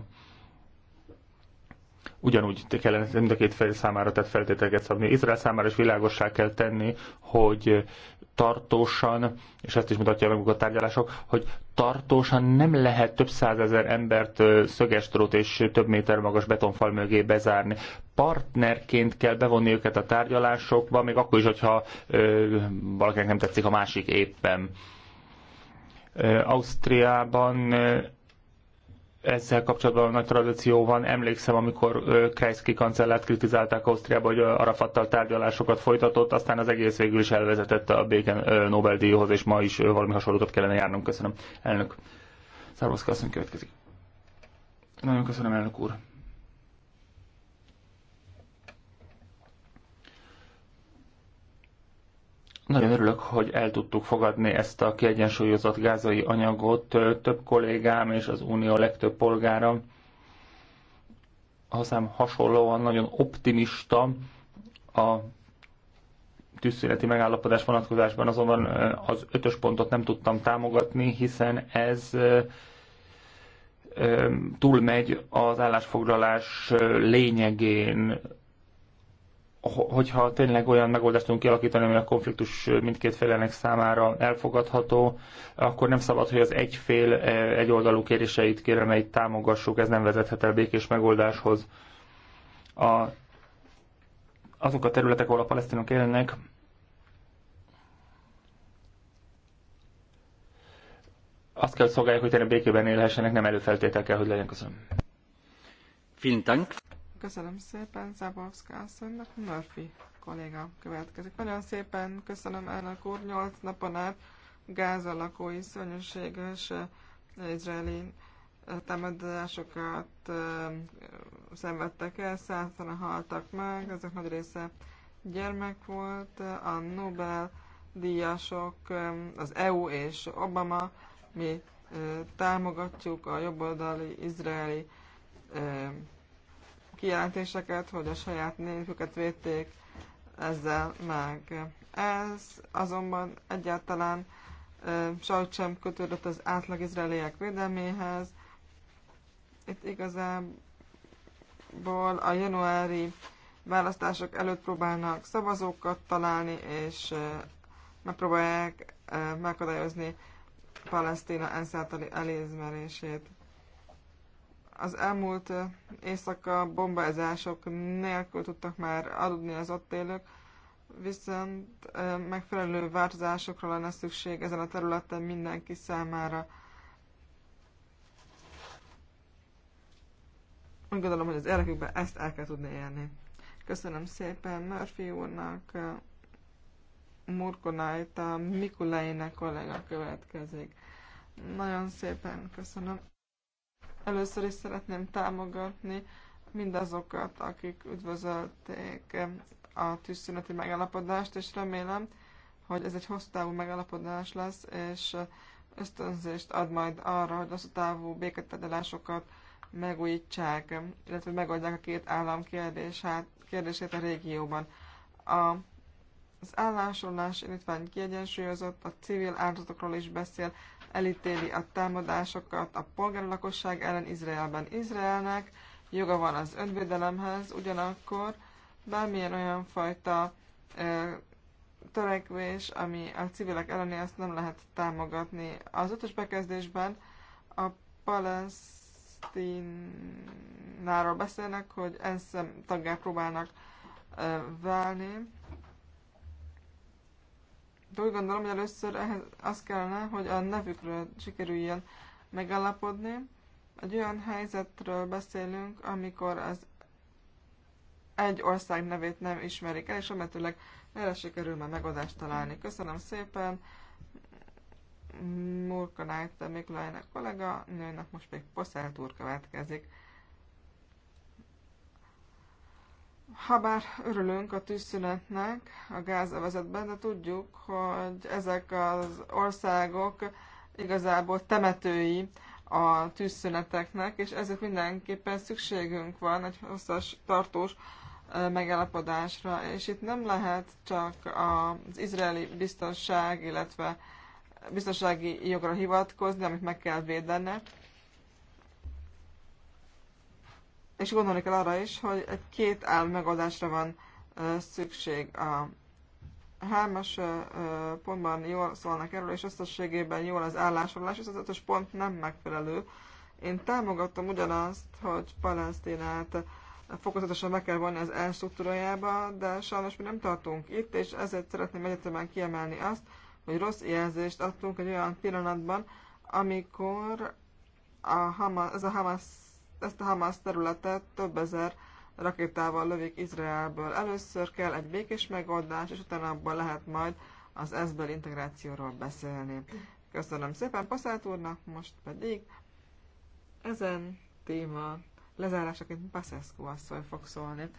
Ugyanúgy kellene mind a két fél számára, tehát feltételeket szabni. Izrael számára is világossá kell tenni, hogy tartósan, és ezt is mutatja meg a tárgyalások, hogy tartósan nem lehet több százezer embert szögestrót és több méter magas betonfal mögé bezárni. Partnerként kell bevonni őket a tárgyalásokba, még akkor is, hogyha ö, valakinek nem tetszik a másik éppen. Ö, Ausztriában ezzel kapcsolatban nagy tradíció van. Emlékszem, amikor Kreisky kancellát kritizálták Ausztriába, hogy Arafattal tárgyalásokat folytatott, aztán az egész végül is elvezetett a béken Nobel-díjhoz, és ma is valami hasonlót kellene járnunk. Köszönöm, elnök. Szárvaszka, köszönöm, következik. Nagyon köszönöm, elnök úr. Nagyon örülök, hogy el tudtuk fogadni ezt a kiegyensúlyozott gázai anyagot. Több kollégám és az unió legtöbb polgára hozzám hasonlóan nagyon optimista a tűzszüneti megállapodás vonatkozásban, azonban az ötös pontot nem tudtam támogatni, hiszen ez túlmegy az állásfoglalás lényegén hogyha tényleg olyan megoldást tudunk kialakítani, ami a konfliktus mindkét félnek számára elfogadható, akkor nem szabad, hogy az egy fél egyoldalú kéréseit, egy támogassuk, ez nem vezethet el békés megoldáshoz. A, azok a területek, ahol a palesztinok élnek, azt kell szolgálják, hogy tényleg békében élhessenek, nem előfeltétel kell, hogy legyen. Köszönöm. Vielen Dank. Köszönöm szépen Zabowska asszonynak, Murphy kolléga következik. Nagyon szépen köszönöm elnök úr, nyolc napon át Gáza lakói szörnyűséges eh, izraeli eh, támadásokat eh, szenvedtek el, százan haltak meg, ezek nagy része gyermek volt, a Nobel díjasok, az EU és Obama, mi támogatjuk a jobboldali izraeli kijelentéseket, hogy a saját népüket védték ezzel meg. Ez azonban egyáltalán sajt sem kötődött az átlag izraeliek védelméhez. Itt igazából a januári választások előtt próbálnak szavazókat találni, és megpróbálják megakadályozni Palesztina ENSZ általi az elmúlt éjszaka bombázások nélkül tudtak már aludni az ott élők, viszont megfelelő változásokra lenne szükség ezen a területen mindenki számára. Úgy gondolom, hogy az érdekükben ezt el kell tudni élni. Köszönöm szépen Murphy úrnak, a Mikulainek kollega következik. Nagyon szépen köszönöm. Először is szeretném támogatni mindazokat, akik üdvözölték a tűzszüneti megállapodást, és remélem, hogy ez egy hosszú távú megállapodás lesz, és ösztönzést ad majd arra, hogy hosszú távú béketedelásokat megújítsák, illetve megoldják a két állam kérdését a régióban. A az állásolás indítvány kiegyensúlyozott, a civil áldozatokról is beszél, elítéli a támadásokat a polgári lakosság ellen Izraelben. Izraelnek joga van az önvédelemhez, ugyanakkor bármilyen olyan fajta ö, törekvés, ami a civilek elleni, azt nem lehet támogatni. Az ötös bekezdésben a palesztináról beszélnek, hogy ENSZ taggá próbálnak ö, válni. De úgy gondolom, hogy először ehhez az kellene, hogy a nevükről sikerüljön megállapodni. Egy olyan helyzetről beszélünk, amikor az egy ország nevét nem ismerik el, és remetőleg erre sikerül már megoldást találni. Köszönöm szépen Murka Nájta Miklájnak kollega, nőnek most még Poszelt úr következik. Habár örülünk a tűzszünetnek a gázavezetben, de tudjuk, hogy ezek az országok igazából temetői a tűzszüneteknek, és ezért mindenképpen szükségünk van egy hosszas, tartós megállapodásra, és itt nem lehet csak az izraeli biztonság, illetve biztonsági jogra hivatkozni, amit meg kell védenek. és gondolni kell arra is, hogy egy két áll megoldásra van szükség. A hármas pontban jól szólnak erről, és összességében jól az állásolás, és az ötös pont nem megfelelő. Én támogattam ugyanazt, hogy Palesztinát fokozatosan be kell vonni az elstruktúrájába, de sajnos mi nem tartunk itt, és ezért szeretném egyetemen kiemelni azt, hogy rossz jelzést adtunk egy olyan pillanatban, amikor a Hamas, ez a Hamas ezt a Hamas területet több ezer rakétával lövik Izraelből. Először kell egy békés megoldás, és utána abban lehet majd az ezből integrációról beszélni. Köszönöm szépen Passzát úrnak, most pedig ezen téma lezárásaként Paszeszku asszony fog szólni.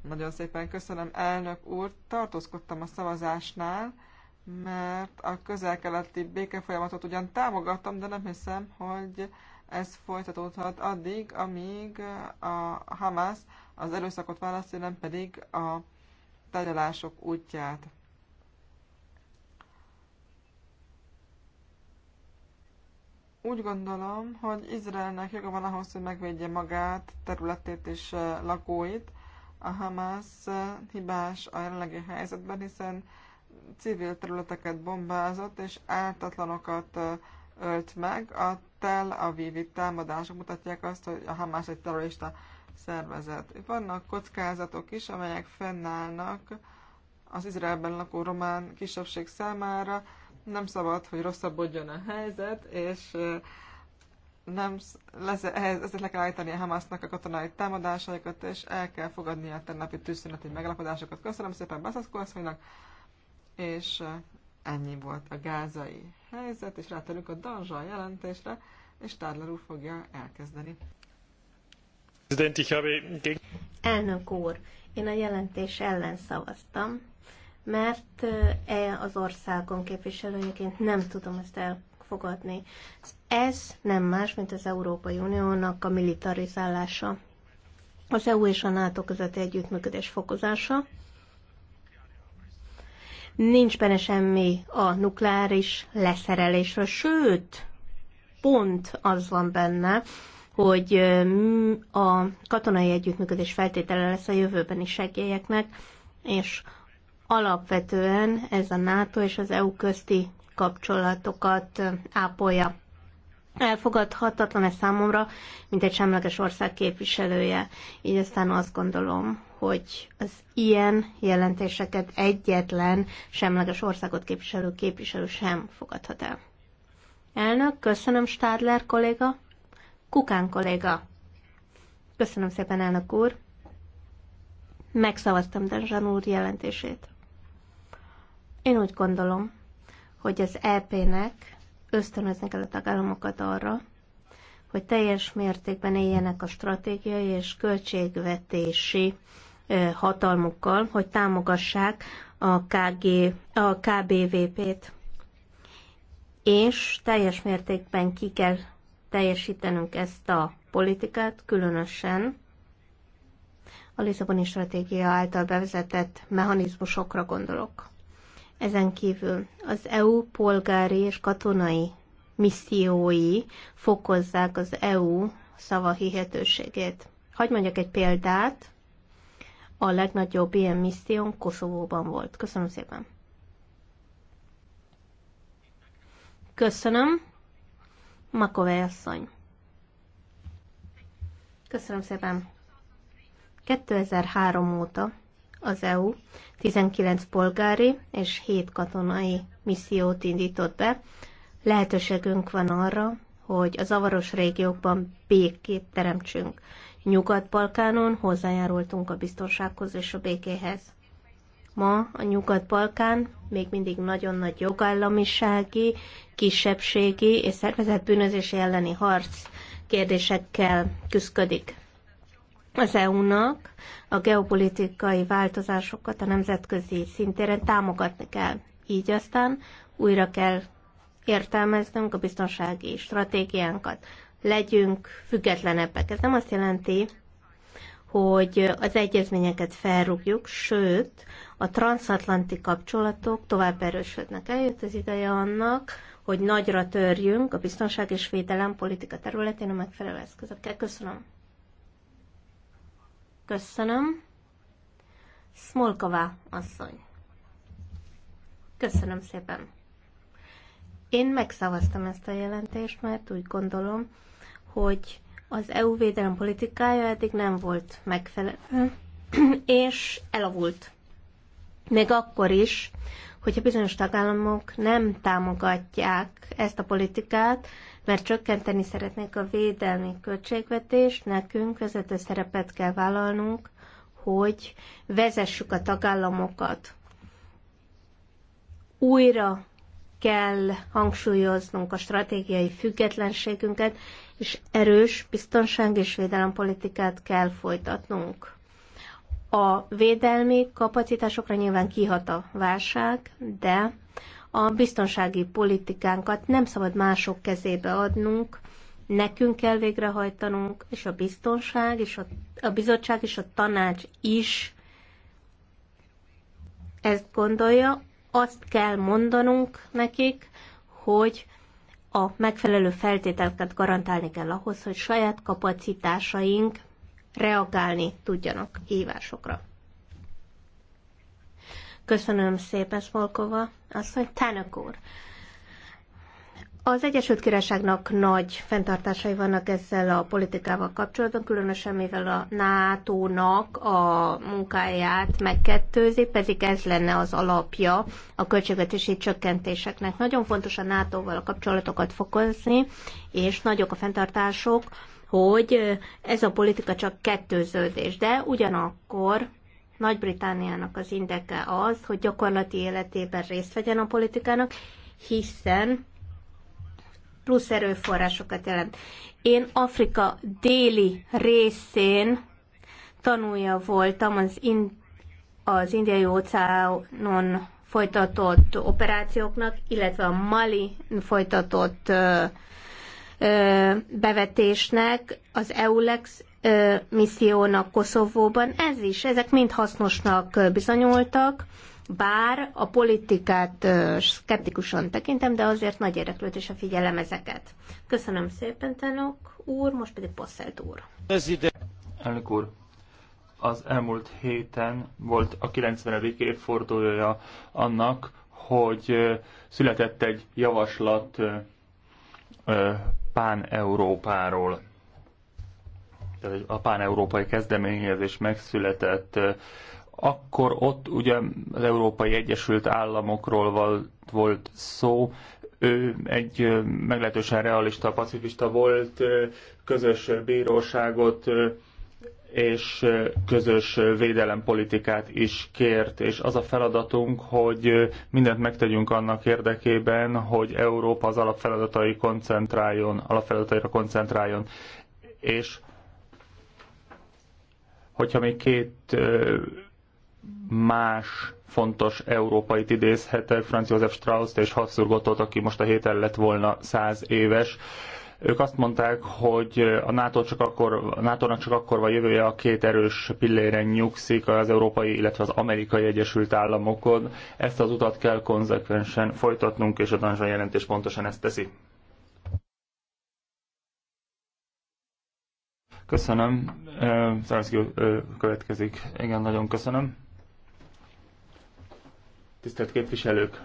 Nagyon szépen köszönöm, elnök úr. Tartózkodtam a szavazásnál, mert a közel-keleti békefolyamatot ugyan támogattam, de nem hiszem, hogy ez folytatódhat addig, amíg a Hamas az erőszakot választja, nem pedig a tárgyalások útját. Úgy gondolom, hogy Izraelnek joga van ahhoz, hogy megvédje magát, területét és lakóit. A Hamas hibás a jelenlegi helyzetben, hiszen civil területeket bombázott és ártatlanokat ölt meg. A Tel aviv támadások mutatják azt, hogy a Hamas egy terrorista szervezet. Vannak kockázatok is, amelyek fennállnak az Izraelben lakó román kisebbség számára. Nem szabad, hogy rosszabbodjon a helyzet, és nem, lesz, ehhez, ezért le kell állítani a Hamasnak a katonai támadásaikat, és el kell fogadni a tennapi tűzszüneti megalapodásokat. Köszönöm szépen Baszaszko és Ennyi volt a gázai helyzet, és rátérünk a Danzsa jelentésre, és Tárler úr fogja elkezdeni. Elnök úr, én a jelentés ellen szavaztam, mert e az országon képviselőjeként nem tudom ezt elfogadni. Ez nem más, mint az Európai Uniónak a militarizálása, az EU és a NATO közötti együttműködés fokozása, nincs benne semmi a nukleáris leszerelésről, sőt, pont az van benne, hogy a katonai együttműködés feltétele lesz a jövőbeni segélyeknek, és alapvetően ez a NATO és az EU közti kapcsolatokat ápolja. Elfogadhatatlan ez számomra, mint egy semleges ország képviselője. Így aztán azt gondolom, hogy az ilyen jelentéseket egyetlen semleges országot képviselő képviselő sem fogadhat el. Elnök, köszönöm Stadler kolléga. Kukán kolléga. Köszönöm szépen, elnök úr. Megszavaztam Denzsan úr jelentését. Én úgy gondolom, hogy az EP-nek ösztönözni kell a tagállamokat arra, hogy teljes mértékben éljenek a stratégiai és költségvetési hatalmukkal, hogy támogassák a, KG, a KBVP-t. És teljes mértékben ki kell teljesítenünk ezt a politikát, különösen a Lisszaboni stratégia által bevezetett mechanizmusokra gondolok. Ezen kívül az EU polgári és katonai missziói fokozzák az EU szava hihetőségét. Hagy mondjak egy példát. A legnagyobb ilyen misszión Koszovóban volt. Köszönöm szépen. Köszönöm. Makové asszony. Köszönöm szépen. 2003 óta az EU 19 polgári és 7 katonai missziót indított be. Lehetőségünk van arra, hogy a zavaros régiókban békét teremtsünk. Nyugat-Balkánon hozzájárultunk a biztonsághoz és a békéhez. Ma a Nyugat-Balkán még mindig nagyon nagy jogállamisági, kisebbségi és szervezetbűnözési elleni harc kérdésekkel küzdik. Az EU-nak a geopolitikai változásokat a nemzetközi szintéren támogatni kell. Így aztán újra kell értelmeznünk a biztonsági stratégiánkat legyünk függetlenebbek. Ez nem azt jelenti, hogy az egyezményeket felrúgjuk, sőt, a transatlanti kapcsolatok tovább erősödnek. Eljött az ideje annak, hogy nagyra törjünk a biztonság és védelem politika területén a megfelelő eszközökkel. Köszönöm. Köszönöm. Smolkova asszony. Köszönöm szépen. Én megszavaztam ezt a jelentést, mert úgy gondolom, hogy az EU védelem politikája eddig nem volt megfelelő, és elavult. Még akkor is, hogyha bizonyos tagállamok nem támogatják ezt a politikát, mert csökkenteni szeretnék a védelmi költségvetést, nekünk vezető szerepet kell vállalnunk, hogy vezessük a tagállamokat. Újra kell hangsúlyoznunk a stratégiai függetlenségünket, és erős biztonság és védelempolitikát kell folytatnunk. A védelmi kapacitásokra nyilván kihat a válság, de a biztonsági politikánkat nem szabad mások kezébe adnunk, nekünk kell végrehajtanunk, és a biztonság, és a, a bizottság, és a tanács is ezt gondolja. Azt kell mondanunk nekik, hogy a megfelelő feltételeket garantálni kell ahhoz, hogy saját kapacitásaink reagálni tudjanak kihívásokra. Köszönöm szépen, Smolkova. Azt mondja, Tának úr. Az Egyesült Királyságnak nagy fenntartásai vannak ezzel a politikával kapcsolatban, különösen mivel a NATO-nak a munkáját megkettőzi, pedig ez lenne az alapja a költségvetési csökkentéseknek. Nagyon fontos a NATO-val a kapcsolatokat fokozni, és nagyok a fenntartások, hogy ez a politika csak kettőződés, de ugyanakkor Nagy-Britániának az indeke az, hogy gyakorlati életében részt vegyen a politikának, hiszen plusz erőforrásokat jelent. Én Afrika déli részén tanulja voltam az, in, az indiai óceánon folytatott operációknak, illetve a Mali folytatott ö, ö, bevetésnek, az EULEX ö, missziónak Koszovóban. Ez is, ezek mind hasznosnak bizonyultak bár a politikát skeptikusan tekintem, de azért nagy a figyelem ezeket. Köszönöm szépen, Tenok úr, most pedig Posselt úr. Ez ide. Elnök úr, az elmúlt héten volt a 90. évfordulója annak, hogy született egy javaslat Pán-Európáról. Tehát a pán-európai kezdeményezés megszületett akkor ott ugye az Európai Egyesült Államokról volt szó, ő egy meglehetősen realista, pacifista volt, közös bíróságot és közös védelempolitikát is kért, és az a feladatunk, hogy mindent megtegyünk annak érdekében, hogy Európa az alapfeladatai koncentráljon, alapfeladataira koncentráljon, és hogyha még két más fontos európai idézhetek, Franz Josef Strauss-t és Habsburgotot, aki most a héten lett volna száz éves. Ők azt mondták, hogy a NATO csak akkor, a nato csak akkor van jövője a két erős pilléren nyugszik, az európai, illetve az amerikai Egyesült Államokon. Ezt az utat kell konzekvensen folytatnunk, és a Danzsa jelentés pontosan ezt teszi. Köszönöm. Zárszki következik. Igen, nagyon köszönöm tisztelt képviselők!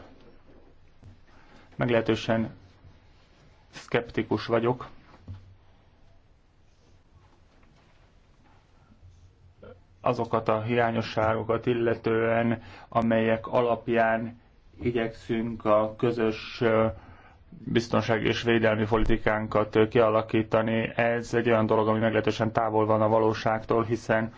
Meglehetősen szkeptikus vagyok. azokat a hiányosságokat illetően, amelyek alapján igyekszünk a közös biztonság és védelmi politikánkat kialakítani. Ez egy olyan dolog, ami meglehetősen távol van a valóságtól, hiszen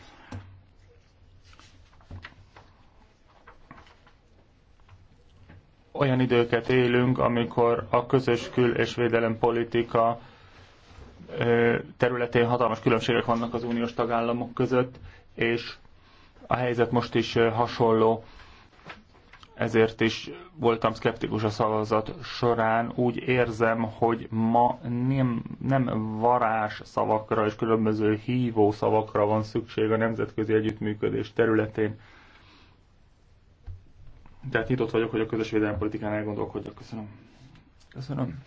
olyan időket élünk, amikor a közös kül- és védelempolitika területén hatalmas különbségek vannak az uniós tagállamok között, és a helyzet most is hasonló, ezért is voltam szkeptikus a szavazat során. Úgy érzem, hogy ma nem, nem varás szavakra és különböző hívó szavakra van szükség a nemzetközi együttműködés területén, tehát nyitott vagyok, hogy a közös védelmi politikán elgondolkodjak. Köszönöm. Köszönöm.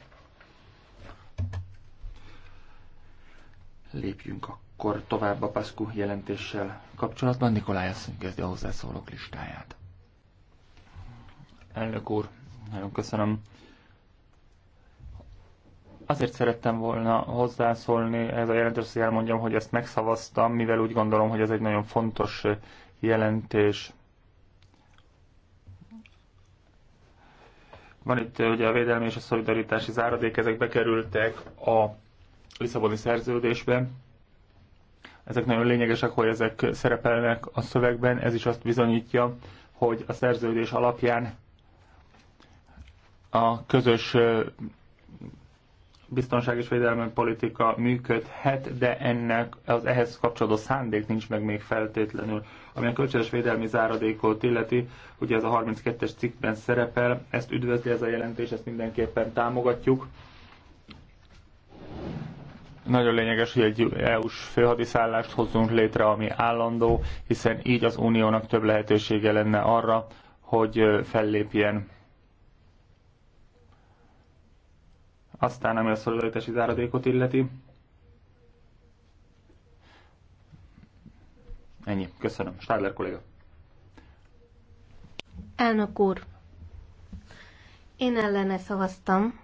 Lépjünk akkor tovább a Pascu jelentéssel kapcsolatban. Nikolaj asszony kezdi a hozzászólók listáját. Elnök úr, nagyon köszönöm. Azért szerettem volna hozzászólni ez a jelentős, hogy elmondjam, hogy ezt megszavaztam, mivel úgy gondolom, hogy ez egy nagyon fontos jelentés Van itt eh, ugye a védelmi és a szolidaritási záradék, ezek bekerültek a Lisszaboni szerződésbe. Ezek nagyon lényegesek, hogy ezek szerepelnek a szövegben, ez is azt bizonyítja, hogy a szerződés alapján a közös eh, biztonság és védelmi politika működhet, de ennek az ehhez kapcsolódó szándék nincs meg még feltétlenül. Ami a kölcsönös védelmi záradékot illeti, ugye ez a 32-es cikkben szerepel, ezt üdvözli ez a jelentés, ezt mindenképpen támogatjuk. Nagyon lényeges, hogy egy EU-s főhadiszállást hozzunk létre, ami állandó, hiszen így az uniónak több lehetősége lenne arra, hogy fellépjen Aztán, ami a szolidaritási záradékot illeti. Ennyi. Köszönöm. Stadler kolléga. Elnök úr, én ellene szavaztam,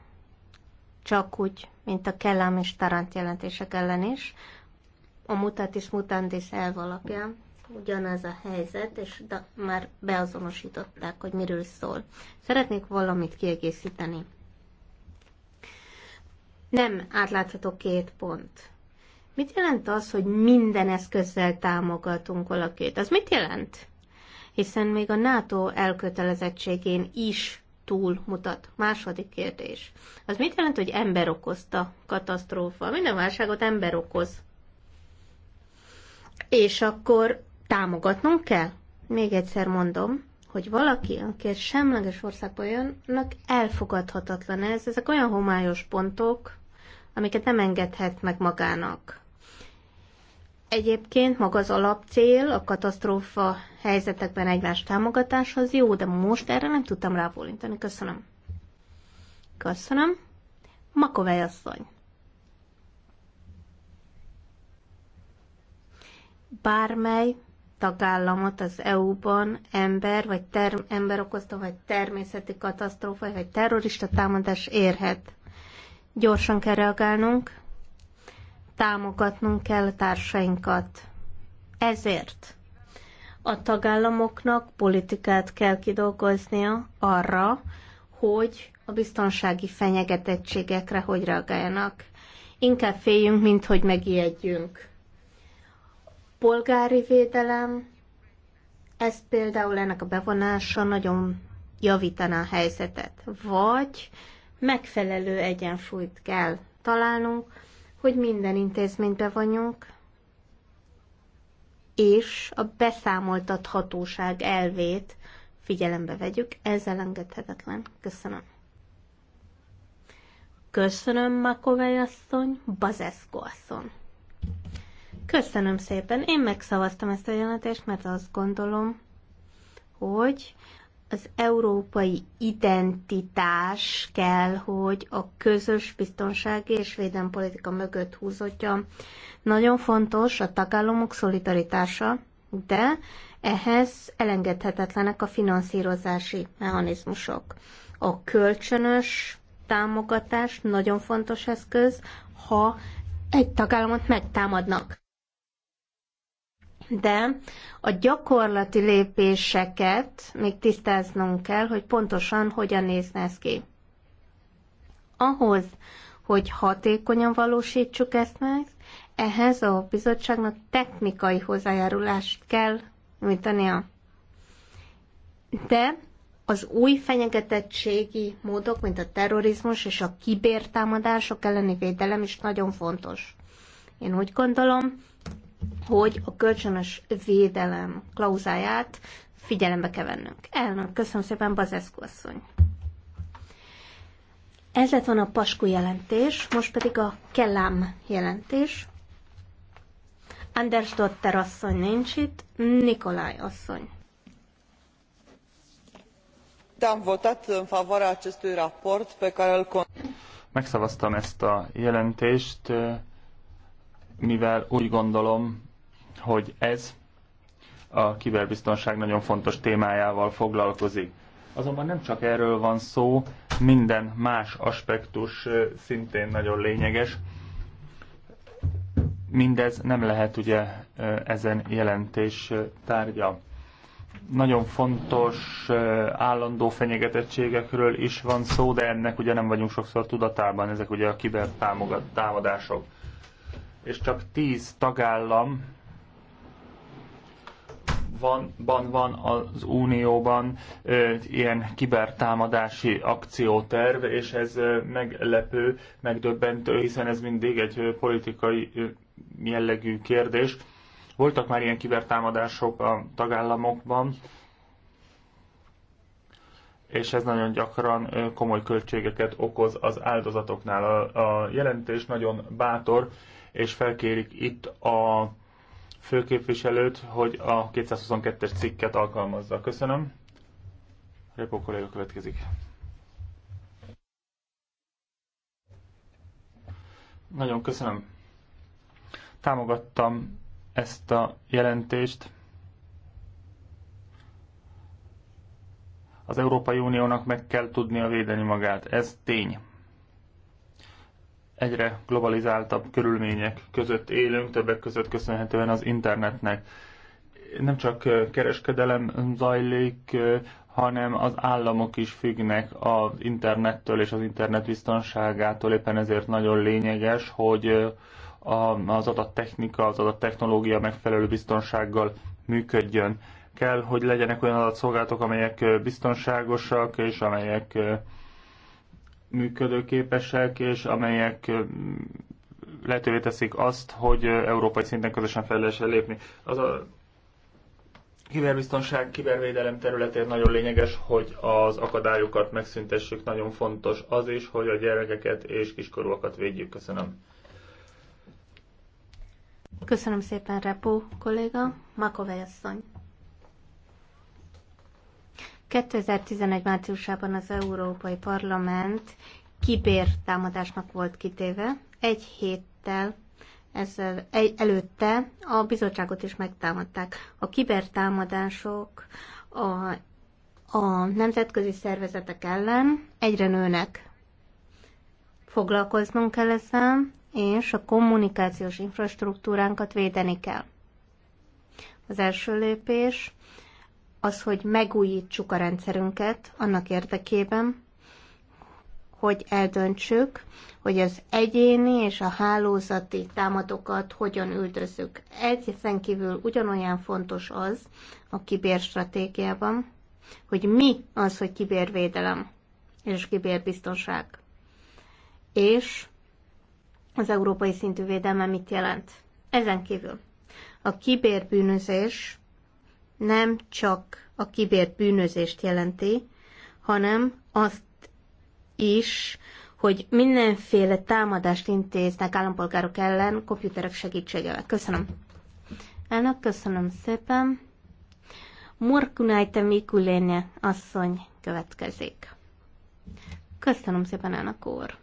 csak úgy, mint a Kellám és Tarant jelentések ellen is. A mutatis mutandis elv alapján ugyanaz a helyzet, és da, már beazonosították, hogy miről szól. Szeretnék valamit kiegészíteni nem átlátható két pont. Mit jelent az, hogy minden eszközzel támogatunk valakit? Az mit jelent? Hiszen még a NATO elkötelezettségén is túl mutat. Második kérdés. Az mit jelent, hogy ember okozta katasztrófa? Minden válságot ember okoz. És akkor támogatnunk kell? Még egyszer mondom, hogy valaki, aki egy semleges országból jönnek, elfogadhatatlan ez. Ezek olyan homályos pontok, amiket nem engedhet meg magának. Egyébként maga az alapcél, a katasztrófa helyzetekben egymás támogatáshoz az jó, de most erre nem tudtam rábólintani. Köszönöm. Köszönöm. Makovej asszony. Bármely tagállamot az EU-ban ember, vagy ter- ember okozta, vagy természeti katasztrófa, vagy terrorista támadás érhet. Gyorsan kell reagálnunk, támogatnunk kell a társainkat. Ezért a tagállamoknak politikát kell kidolgoznia arra, hogy a biztonsági fenyegetettségekre hogy reagáljanak. Inkább féljünk, mint hogy megijedjünk polgári védelem, ez például ennek a bevonása nagyon javítaná a helyzetet. Vagy megfelelő egyensúlyt kell találnunk, hogy minden intézményt bevonjunk, és a beszámoltathatóság elvét figyelembe vegyük, ez elengedhetetlen. Köszönöm. Köszönöm, Makovej asszony, Bazeszko asszony. Köszönöm szépen. Én megszavaztam ezt a jelentést, mert azt gondolom, hogy az európai identitás kell, hogy a közös biztonsági és védelmpolitika mögött húzódja. Nagyon fontos a tagállamok szolidaritása, de ehhez elengedhetetlenek a finanszírozási mechanizmusok. A kölcsönös támogatás nagyon fontos eszköz, ha egy tagállamot megtámadnak de a gyakorlati lépéseket még tisztáznunk kell, hogy pontosan hogyan nézne ez ki. Ahhoz, hogy hatékonyan valósítsuk ezt meg, ehhez a bizottságnak technikai hozzájárulást kell nyújtania. De az új fenyegetettségi módok, mint a terrorizmus és a kibértámadások elleni védelem is nagyon fontos. Én úgy gondolom, hogy a kölcsönös védelem klauzáját figyelembe kell vennünk. Elnök, köszönöm szépen, Bazeszko asszony. Ez lett volna a Pasku jelentés, most pedig a Kellám jelentés. Anders Dotter asszony nincs itt, Nikolaj asszony. votat raport Megszavaztam ezt a jelentést, mivel úgy gondolom, hogy ez a kiberbiztonság nagyon fontos témájával foglalkozik. Azonban nem csak erről van szó, minden más aspektus szintén nagyon lényeges. Mindez nem lehet ugye ezen jelentés tárgya. Nagyon fontos állandó fenyegetettségekről is van szó, de ennek ugye nem vagyunk sokszor tudatában, ezek ugye a támadások és csak 10 tagállam van, van, van az Unióban ö, ilyen kibertámadási akcióterv, és ez ö, meglepő, megdöbbentő, hiszen ez mindig egy ö, politikai ö, jellegű kérdés. Voltak már ilyen kibertámadások a tagállamokban, és ez nagyon gyakran komoly költségeket okoz az áldozatoknál. A, a jelentés nagyon bátor, és felkérik itt a főképviselőt, hogy a 222-es cikket alkalmazza. Köszönöm. Repo kolléga következik. Nagyon köszönöm. Támogattam ezt a jelentést. Az Európai Uniónak meg kell tudnia védeni magát. Ez tény egyre globalizáltabb körülmények között élünk, többek között köszönhetően az internetnek. Nem csak kereskedelem zajlik, hanem az államok is függnek az internettől és az internet biztonságától. Éppen ezért nagyon lényeges, hogy az adattechnika, az adattechnológia megfelelő biztonsággal működjön. Kell, hogy legyenek olyan adatszolgáltatók, amelyek biztonságosak és amelyek működőképesek, és amelyek lehetővé teszik azt, hogy európai szinten közösen fel lehessen lépni. Az a kiberbiztonság, kibervédelem területén nagyon lényeges, hogy az akadályokat megszüntessük. Nagyon fontos az is, hogy a gyerekeket és kiskorúakat védjük. Köszönöm. Köszönöm szépen, Repó kolléga. Makovej asszony. 2011 márciusában az Európai Parlament kibértámadásnak volt kitéve. Egy héttel ezzel előtte a bizottságot is megtámadták. A kibertámadások a, a nemzetközi szervezetek ellen egyre nőnek. Foglalkoznunk kell ezzel, és a kommunikációs infrastruktúránkat védeni kell. Az első lépés az, hogy megújítsuk a rendszerünket annak érdekében, hogy eldöntsük, hogy az egyéni és a hálózati támadókat hogyan üldözzük. Egyszerűen kívül ugyanolyan fontos az a kibérstratégiában, hogy mi az, hogy kibérvédelem és kibérbiztonság. És az európai szintű védelme mit jelent. Ezen kívül a kibérbűnözés nem csak a kibért bűnözést jelenti, hanem azt is, hogy mindenféle támadást intéznek állampolgárok ellen komputerek segítségével. Köszönöm. Elnök, köszönöm szépen. Morkunájte Mikulénje asszony következik. Köszönöm szépen, elnök úr.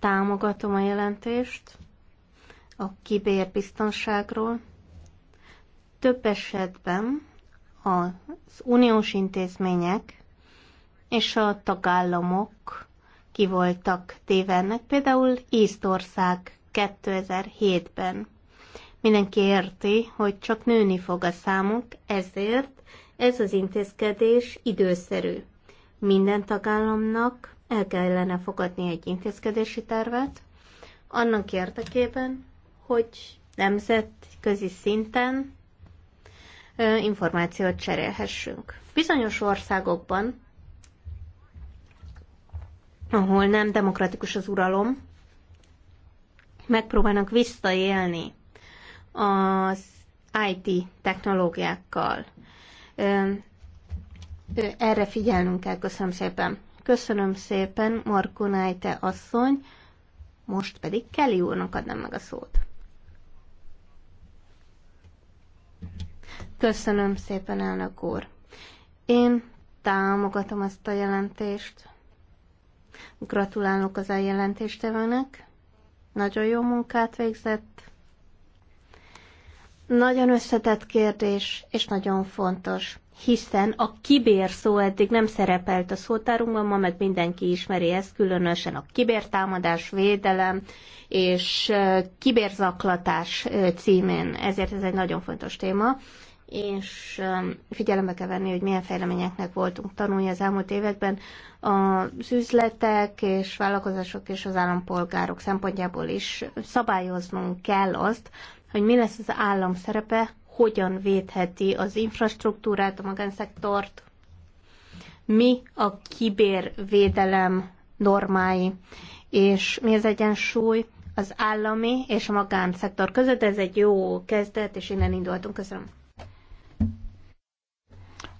Támogatom a jelentést a kibérbiztonságról. biztonságról több esetben az uniós intézmények és a tagállamok ki voltak tévennek, például Észtország 2007-ben. Mindenki érti, hogy csak nőni fog a számunk, ezért ez az intézkedés időszerű. Minden tagállamnak el kellene fogadni egy intézkedési tervet, annak érdekében, hogy nemzetközi szinten információt cserélhessünk. Bizonyos országokban, ahol nem demokratikus az uralom, megpróbálnak visszaélni az IT technológiákkal. Erre figyelnünk kell, köszönöm szépen. Köszönöm szépen, Markunájte asszony, most pedig Kelly úrnak adnám meg a szót. Köszönöm szépen, elnök úr. Én támogatom ezt a jelentést. Gratulálok az eljelentéstevőnek. Nagyon jó munkát végzett. Nagyon összetett kérdés, és nagyon fontos, hiszen a kibér szó eddig nem szerepelt a szótárunkban, ma meg mindenki ismeri ezt, különösen a kibértámadás, védelem és kibérzaklatás címén, ezért ez egy nagyon fontos téma és um, figyelembe kell venni, hogy milyen fejleményeknek voltunk tanulni az elmúlt években az üzletek és vállalkozások és az állampolgárok szempontjából is szabályoznunk kell azt, hogy mi lesz az állam szerepe, hogyan védheti az infrastruktúrát, a magánszektort, mi a kibérvédelem normái, és mi az egyensúly az állami és a magánszektor között. Ez egy jó kezdet, és innen indultunk. Köszönöm.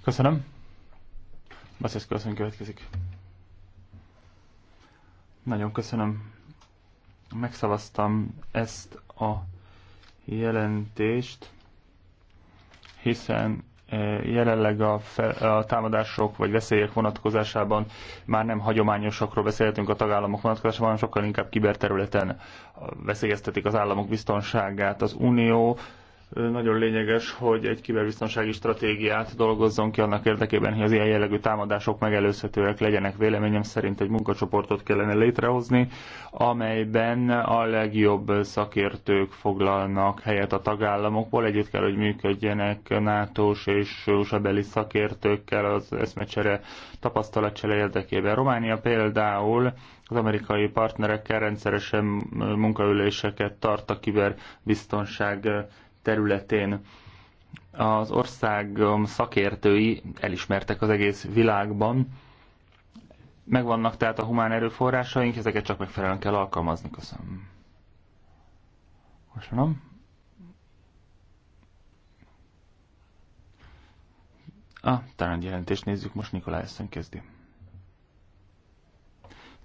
Köszönöm. Baszeszko köszönöm, következik. Nagyon köszönöm. Megszavaztam ezt a jelentést, hiszen e, jelenleg a, fel, a támadások vagy veszélyek vonatkozásában már nem hagyományosakról beszélhetünk a tagállamok vonatkozásában, hanem sokkal inkább kiberterületen veszélyeztetik az államok biztonságát. Az Unió nagyon lényeges, hogy egy kiberbiztonsági stratégiát dolgozzon ki annak érdekében, hogy az ilyen jellegű támadások megelőzhetőek legyenek. Véleményem szerint egy munkacsoportot kellene létrehozni, amelyben a legjobb szakértők foglalnak helyet a tagállamokból. Együtt kell, hogy működjenek nato és usa szakértőkkel az eszmecsere tapasztalatcsere érdekében. Románia például az amerikai partnerekkel rendszeresen munkaüléseket tart a kiberbiztonság területén. Az ország szakértői elismertek az egész világban. Megvannak tehát a humán erőforrásaink, ezeket csak megfelelően kell alkalmazni. Köszönöm. Köszönöm. A ah, talán jelentést nézzük, most Nikolaj Eszön kezdi.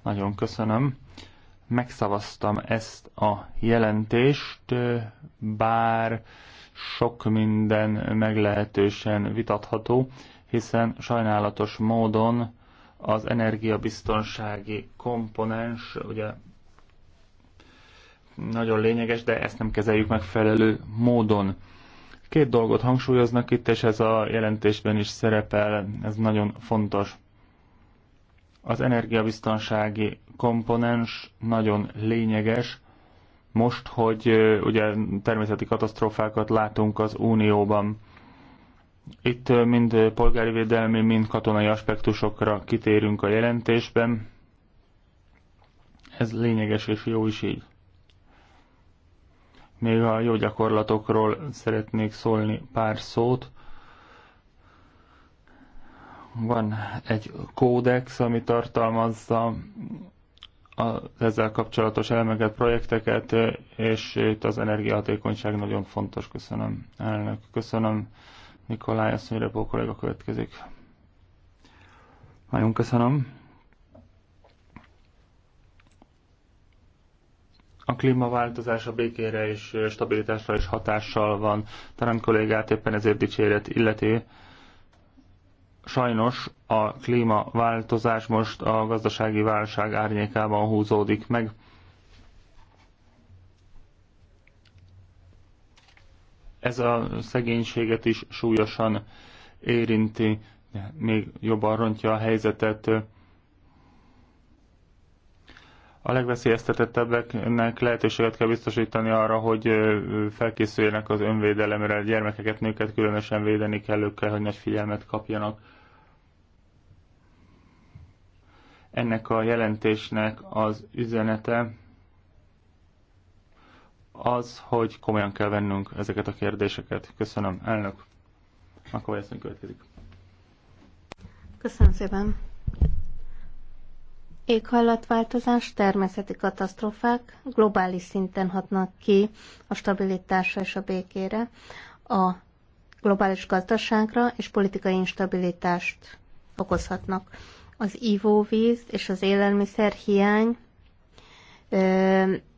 Nagyon köszönöm megszavaztam ezt a jelentést, bár sok minden meglehetősen vitatható, hiszen sajnálatos módon az energiabiztonsági komponens ugye nagyon lényeges, de ezt nem kezeljük megfelelő módon. Két dolgot hangsúlyoznak itt, és ez a jelentésben is szerepel, ez nagyon fontos. Az energiabiztonsági komponens nagyon lényeges, most, hogy ugye természeti katasztrófákat látunk az Unióban. Itt mind polgári védelmi, mind katonai aspektusokra kitérünk a jelentésben. Ez lényeges és jó is így. Még a jó gyakorlatokról szeretnék szólni pár szót van egy kódex, ami tartalmazza az ezzel kapcsolatos elemeket, projekteket, és itt az energiahatékonyság nagyon fontos. Köszönöm, elnök. Köszönöm, Nikolaj, azt mondja, a kollega következik. Nagyon köszönöm. a klímaváltozás a békére és stabilitásra is hatással van. Talán kollégát éppen ezért dicséret illeti sajnos a klímaváltozás most a gazdasági válság árnyékában húzódik meg. Ez a szegénységet is súlyosan érinti, még jobban rontja a helyzetet. A legveszélyeztetettebbeknek lehetőséget kell biztosítani arra, hogy felkészüljenek az önvédelemre, gyermekeket, nőket különösen védeni kell, ők kell, hogy nagy figyelmet kapjanak. ennek a jelentésnek az üzenete az, hogy komolyan kell vennünk ezeket a kérdéseket. Köszönöm, elnök. Akkor ezt következik. Köszönöm szépen. Éghajlatváltozás, természeti katasztrófák globális szinten hatnak ki a stabilitásra és a békére, a globális gazdaságra és politikai instabilitást okozhatnak az ivóvíz és az élelmiszer élelmiszerhiány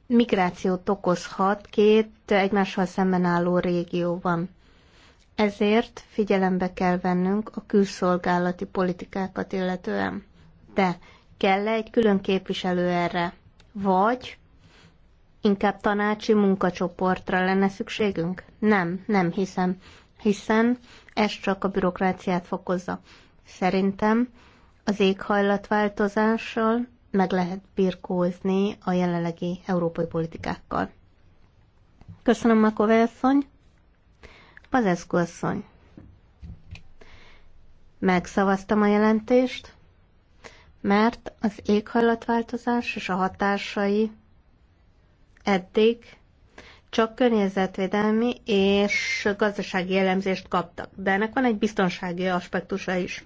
migrációt okozhat két egymással szemben álló régióban. Ezért figyelembe kell vennünk a külszolgálati politikákat illetően. De kell -e egy külön képviselő erre? Vagy inkább tanácsi munkacsoportra lenne szükségünk? Nem, nem hiszem, hiszen ez csak a bürokráciát fokozza. Szerintem az éghajlatváltozással meg lehet birkózni a jelenlegi európai politikákkal. Köszönöm, Makove asszony. Pazeszko asszony. Megszavaztam a jelentést, mert az éghajlatváltozás és a hatásai eddig csak környezetvédelmi és gazdasági jellemzést kaptak, de ennek van egy biztonsági aspektusa is.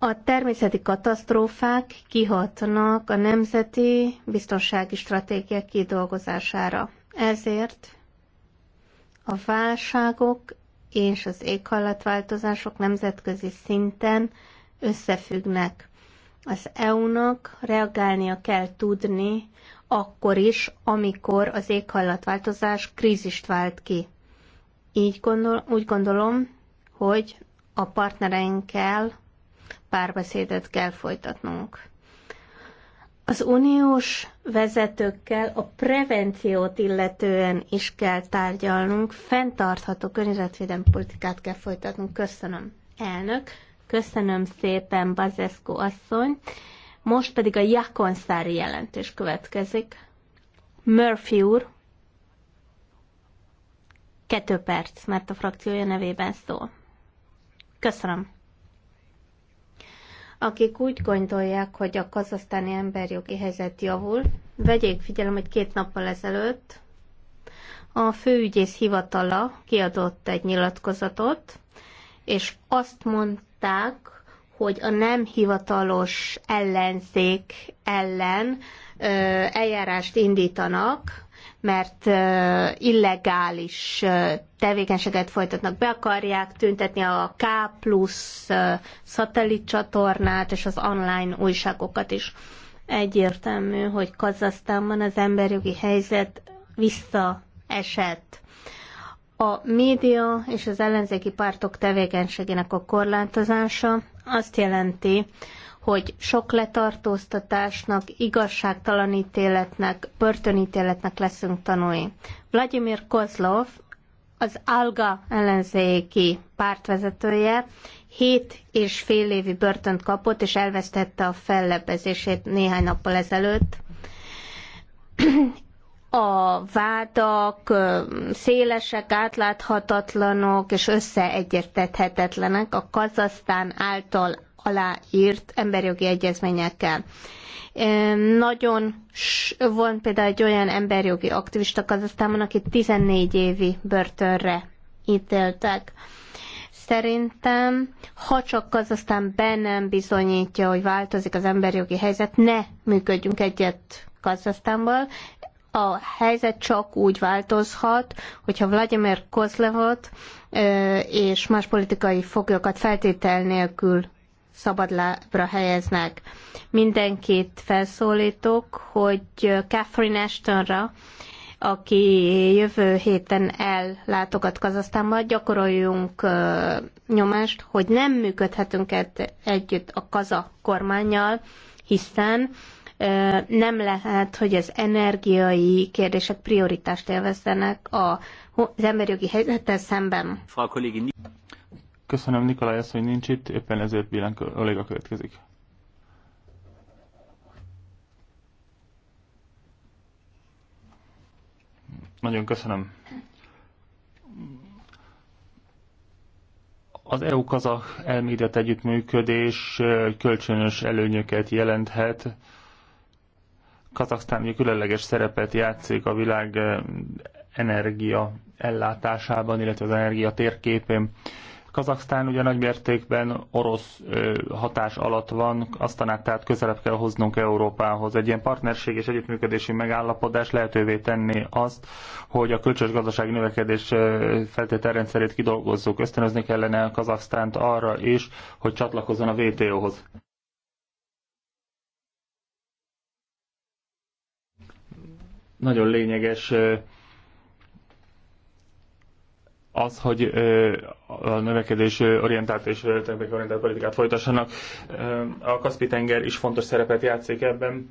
A természeti katasztrófák kihatnak a nemzeti biztonsági stratégiák kidolgozására. Ezért a válságok és az éghajlatváltozások nemzetközi szinten összefüggnek. Az EU-nak reagálnia kell tudni akkor is, amikor az éghajlatváltozás krízist vált ki. Így gondol, úgy gondolom, hogy a partnereinkkel párbeszédet kell folytatnunk. Az uniós vezetőkkel a prevenciót illetően is kell tárgyalnunk, fenntartható környezetvédelmi politikát kell folytatnunk. Köszönöm, elnök. Köszönöm szépen, Bazeszko asszony. Most pedig a Jakonszári jelentés következik. Murphy úr, kettő perc, mert a frakciója nevében szól. Köszönöm akik úgy gondolják, hogy a kazasztáni emberjogi helyzet javul, vegyék figyelem, hogy két nappal ezelőtt a főügyész hivatala kiadott egy nyilatkozatot, és azt mondták, hogy a nem hivatalos ellenzék ellen ö, eljárást indítanak, mert illegális tevékenységet folytatnak, be akarják tüntetni a K plusz szatellitcsatornát és az online újságokat is. Egyértelmű, hogy Kazasztánban az emberjogi helyzet visszaesett a média és az ellenzéki pártok tevékenységének a korlátozása azt jelenti, hogy sok letartóztatásnak, igazságtalan ítéletnek, börtönítéletnek leszünk tanulni. Vladimir Kozlov, az ALGA ellenzéki pártvezetője, hét és fél évi börtönt kapott, és elvesztette a fellebbezését néhány nappal ezelőtt. A vádak szélesek, átláthatatlanok és összeegyeztethetetlenek a Kazasztán által aláírt emberjogi egyezményekkel. Nagyon van például egy olyan emberjogi aktivista Kazasztánban, akit 14 évi börtönre ítéltek. Szerintem, ha csak Kazasztán be nem bizonyítja, hogy változik az emberjogi helyzet, ne működjünk egyet Kazasztánból, a helyzet csak úgy változhat, hogyha Vladimir Kozlevot és más politikai foglyokat feltétel nélkül szabadlábra helyeznek. Mindenkit felszólítok, hogy Catherine Ashtonra, aki jövő héten ellátogat Kazasztánba, gyakoroljunk nyomást, hogy nem működhetünk együtt a kaza kormányjal, hiszen nem lehet, hogy az energiai kérdések prioritást élvezzenek az emberjogi helyzettel szemben. Köszönöm Nikolaj azt, hogy nincs itt, éppen ezért Bilán kolléga következik. Nagyon köszönöm. Az EU-kazak elmédet együttműködés kölcsönös előnyöket jelenthet. Kazaksztán különleges szerepet játszik a világ energia ellátásában, illetve az energia térképén. Kazaksztán ugye nagymértékben orosz hatás alatt van, aztán tehát közelebb kell hoznunk Európához. Egy ilyen partnerség és együttműködési megállapodás lehetővé tenni azt, hogy a kölcsös gazdasági növekedés feltételrendszerét kidolgozzuk. Ösztönözni kellene a Kazaksztánt arra is, hogy csatlakozzon a WTO-hoz. Nagyon lényeges az, hogy a növekedés orientált és termékek orientált politikát folytassanak. A Kaspi-tenger is fontos szerepet játszik ebben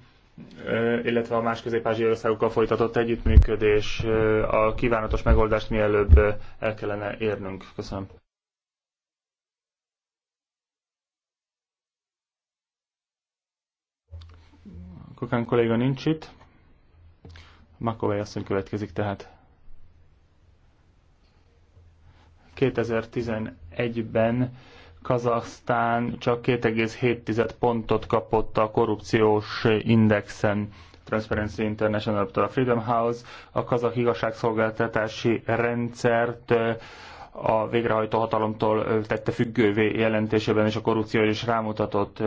illetve a más közép országokkal folytatott együttműködés a kívánatos megoldást mielőbb el kellene érnünk. Köszönöm. Kokán kolléga nincs itt. Makovej asszony következik tehát. 2011-ben Kazahsztán csak 2,7 pontot kapott a korrupciós indexen. Transparency international a Freedom House a kazak igazságszolgáltatási rendszert a végrehajtó hatalomtól tette függővé jelentésében, és a korrupció is rámutatott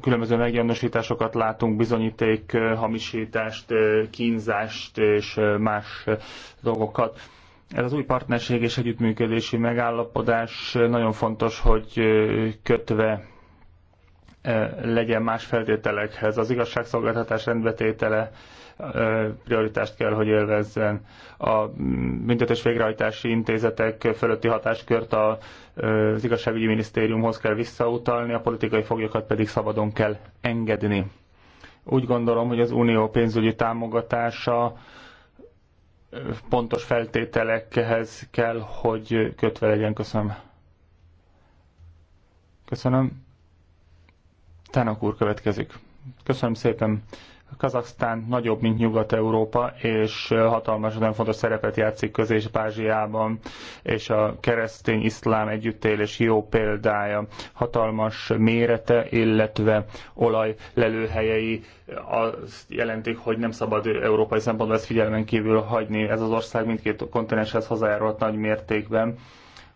különböző meggyanúsításokat látunk, bizonyíték, hamisítást, kínzást és más dolgokat. Ez az új partnerség és együttműködési megállapodás nagyon fontos, hogy kötve legyen más feltételekhez. Az igazságszolgáltatás rendbetétele prioritást kell, hogy élvezzen. A mm, büntetés végrehajtási intézetek fölötti hatáskört az igazságügyi minisztériumhoz kell visszautalni, a politikai foglyokat pedig szabadon kell engedni. Úgy gondolom, hogy az unió pénzügyi támogatása pontos feltételekhez kell, hogy kötve legyen. Köszönöm. Köszönöm. Tának úr következik. Köszönöm szépen. Kazaksztán nagyobb, mint Nyugat-Európa, és hatalmas, nagyon fontos szerepet játszik közép Bázsiában, és a keresztény-iszlám együttélés jó példája, hatalmas mérete, illetve olaj lelőhelyei azt jelentik, hogy nem szabad európai szempontból ezt figyelmen kívül hagyni. Ez az ország mindkét kontinenshez hozzájárult nagy mértékben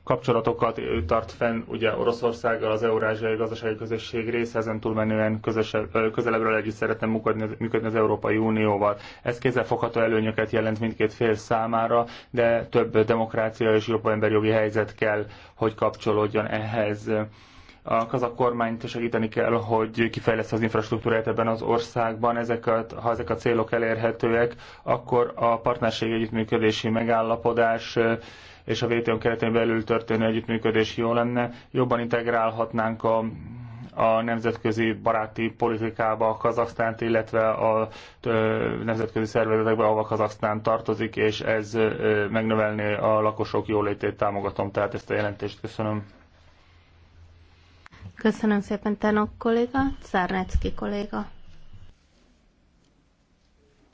kapcsolatokat tart fenn ugye Oroszországgal, az Eurázsiai Gazdasági Közösség része, ezen túlmenően közelebbről együtt szeretne működni, működni az Európai Unióval. Ez kézzelfogható előnyöket jelent mindkét fél számára, de több demokrácia és jobb emberjogi helyzet kell, hogy kapcsolódjon ehhez a kazak kormányt segíteni kell, hogy kifejleszt az infrastruktúráját ebben az országban. Ezeket, ha ezek a célok elérhetőek, akkor a partnerség együttműködési megállapodás és a WTO keretén belül történő együttműködés jó lenne. Jobban integrálhatnánk a a nemzetközi baráti politikába a Kazaksztánt, illetve a nemzetközi szervezetekbe, ahova Kazaksztán tartozik, és ez megnövelné a lakosok jólétét, támogatom tehát ezt a jelentést. Köszönöm. Köszönöm szépen, Tenok kolléga, Szárnecki kolléga.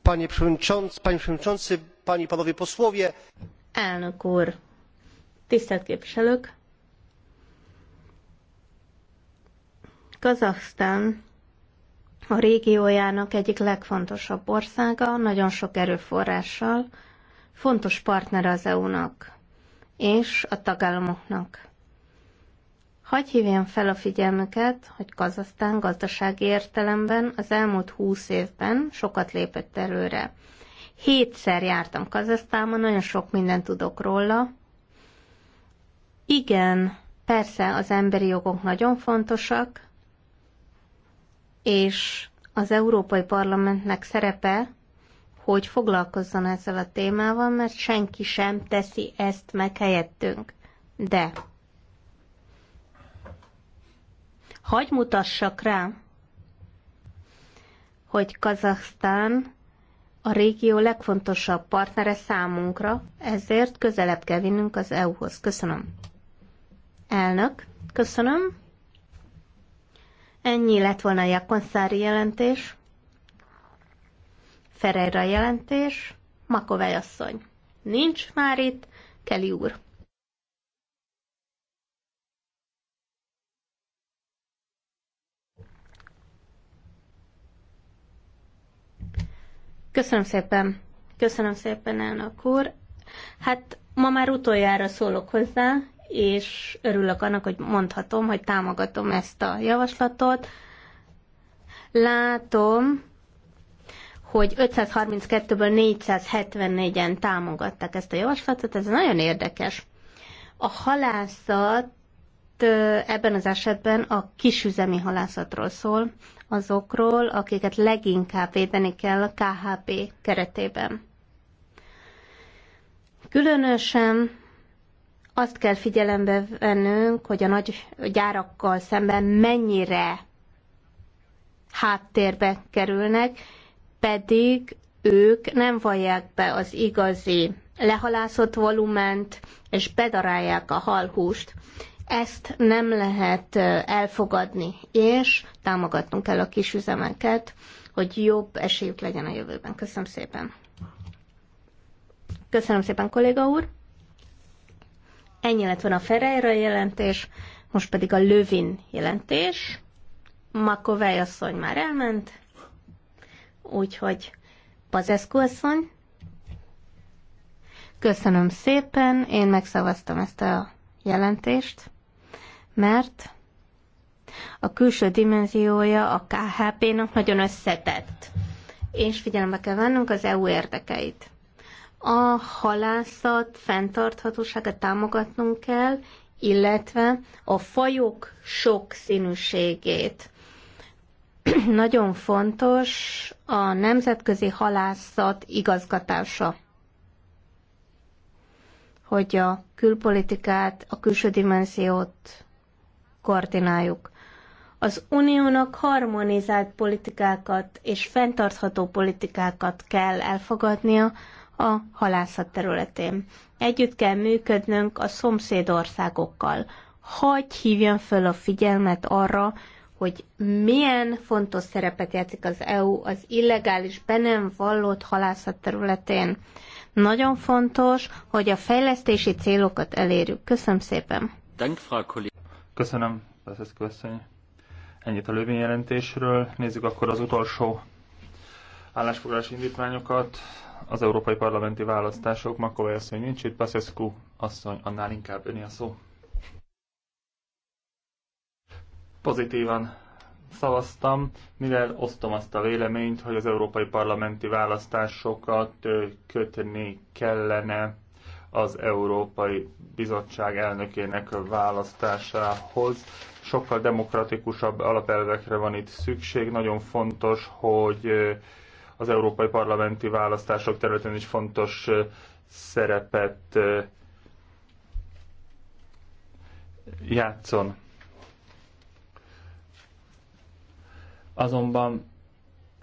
Panie Przewodniczący, Panie Przewodniczący, Panie i Panowie Posłowie. Elnök úr, tisztelt képviselők! Kazaksztán a régiójának egyik legfontosabb országa, nagyon sok erőforrással, fontos partner az EU-nak és a tagállamoknak. Hagy hívjam fel a figyelmüket, hogy Kazasztán gazdasági értelemben az elmúlt húsz évben sokat lépett előre. Hétszer jártam Kazasztánban, nagyon sok mindent tudok róla. Igen, persze az emberi jogok nagyon fontosak, és az Európai Parlamentnek szerepe, hogy foglalkozzon ezzel a témával, mert senki sem teszi ezt meg helyettünk. De hagy mutassak rá, hogy Kazahsztán a régió legfontosabb partnere számunkra, ezért közelebb kell vinnünk az EU-hoz. Köszönöm. Elnök, köszönöm. Ennyi lett volna a Jakonszári jelentés, Ferreira jelentés, Makovej asszony. Nincs már itt, Keli úr. Köszönöm szépen. Köszönöm szépen, elnök úr. Hát ma már utoljára szólok hozzá, és örülök annak, hogy mondhatom, hogy támogatom ezt a javaslatot. Látom, hogy 532-ből 474-en támogatták ezt a javaslatot, ez nagyon érdekes. A halászat ebben az esetben a kisüzemi halászatról szól, azokról, akiket leginkább védeni kell a KHP keretében. Különösen azt kell figyelembe vennünk, hogy a nagy gyárakkal szemben mennyire háttérbe kerülnek, pedig ők nem vallják be az igazi lehalászott volument, és bedarálják a halhúst. Ezt nem lehet elfogadni, és támogatnunk kell a kisüzemeket, hogy jobb esélyük legyen a jövőben. Köszönöm szépen. Köszönöm szépen, kolléga úr. Ennyi lett van a Ferreira jelentés, most pedig a Lövin jelentés. Makovej asszony már elment, úgyhogy Pazeszku asszony. Köszönöm szépen, én megszavaztam ezt a jelentést mert a külső dimenziója a KHP-nak nagyon összetett, és figyelembe kell vennünk az EU érdekeit. A halászat fenntarthatóságát támogatnunk kell, illetve a fajok sokszínűségét. nagyon fontos a nemzetközi halászat igazgatása hogy a külpolitikát, a külső dimenziót koordináljuk. Az uniónak harmonizált politikákat és fenntartható politikákat kell elfogadnia a halászat területén. Együtt kell működnünk a szomszédországokkal. Hagy hívjon föl a figyelmet arra, hogy milyen fontos szerepet játszik az EU az illegális, be nem vallott halászat területén. Nagyon fontos, hogy a fejlesztési célokat elérjük. Köszönöm szépen! Dank, Köszönöm, Beszeszkő asszony. Ennyit a lövényjelentésről. Nézzük akkor az utolsó állásfoglalási indítványokat. Az európai parlamenti választások. Makovai asszony nincs itt, Beszeszkő asszony, annál inkább öni a szó. Pozitívan szavaztam, mivel osztom azt a véleményt, hogy az európai parlamenti választásokat kötni kellene az Európai Bizottság elnökének választásához. Sokkal demokratikusabb alapelvekre van itt szükség. Nagyon fontos, hogy az európai parlamenti választások területén is fontos szerepet játszon. Azonban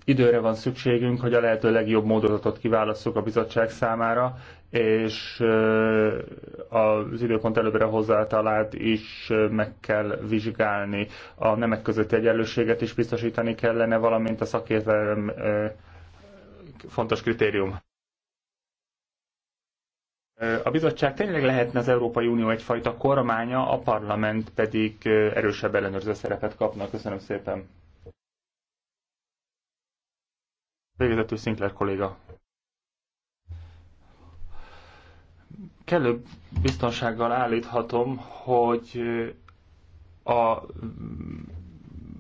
Időre van szükségünk, hogy a lehető legjobb módozatot kiválasszuk a bizottság számára, és az időpont előbbre hozzátalált is meg kell vizsgálni. A nemek közötti egyenlőséget is biztosítani kellene, valamint a szakértelem fontos kritérium. A bizottság tényleg lehetne az Európai Unió egyfajta kormánya, a parlament pedig erősebb ellenőrző szerepet kapna. Köszönöm szépen. Végezetül Sinclair kolléga. Kellő biztonsággal állíthatom, hogy a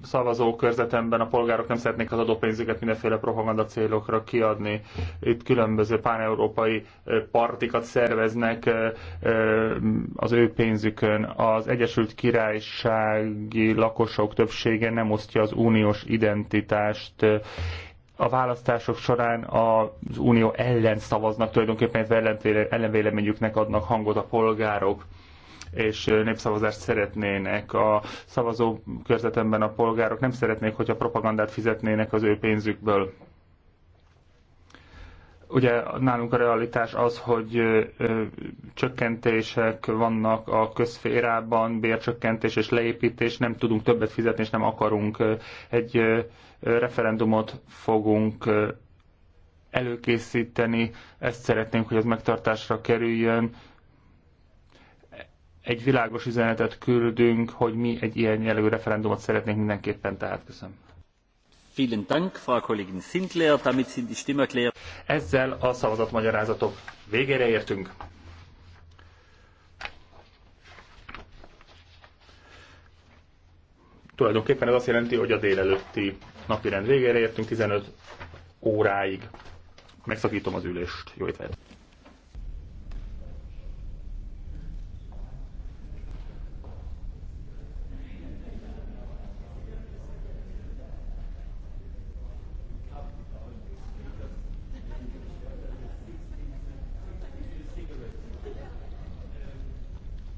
szavazókörzetemben a polgárok nem szeretnék az adópénzüket mindenféle propaganda célokra kiadni. Itt különböző páneurópai partikat szerveznek az ő pénzükön. Az Egyesült Királysági lakosok többsége nem osztja az uniós identitást, a választások során az unió ellen szavaznak, tulajdonképpen ez ellenvéleményüknek adnak hangot a polgárok és népszavazást szeretnének. A szavazó körzetemben a polgárok nem szeretnék, hogyha propagandát fizetnének az ő pénzükből. Ugye nálunk a realitás az, hogy csökkentések vannak a közférában, bércsökkentés és leépítés, nem tudunk többet fizetni, és nem akarunk egy referendumot fogunk előkészíteni, ezt szeretnénk, hogy ez megtartásra kerüljön. Egy világos üzenetet küldünk, hogy mi egy ilyen jellegű referendumot szeretnénk mindenképpen, tehát köszönöm. Ezzel a szavazatmagyarázatok végére értünk. Tulajdonképpen ez azt jelenti, hogy a délelőtti napirend végére értünk, 15 óráig megszakítom az ülést. Jó étvágyat!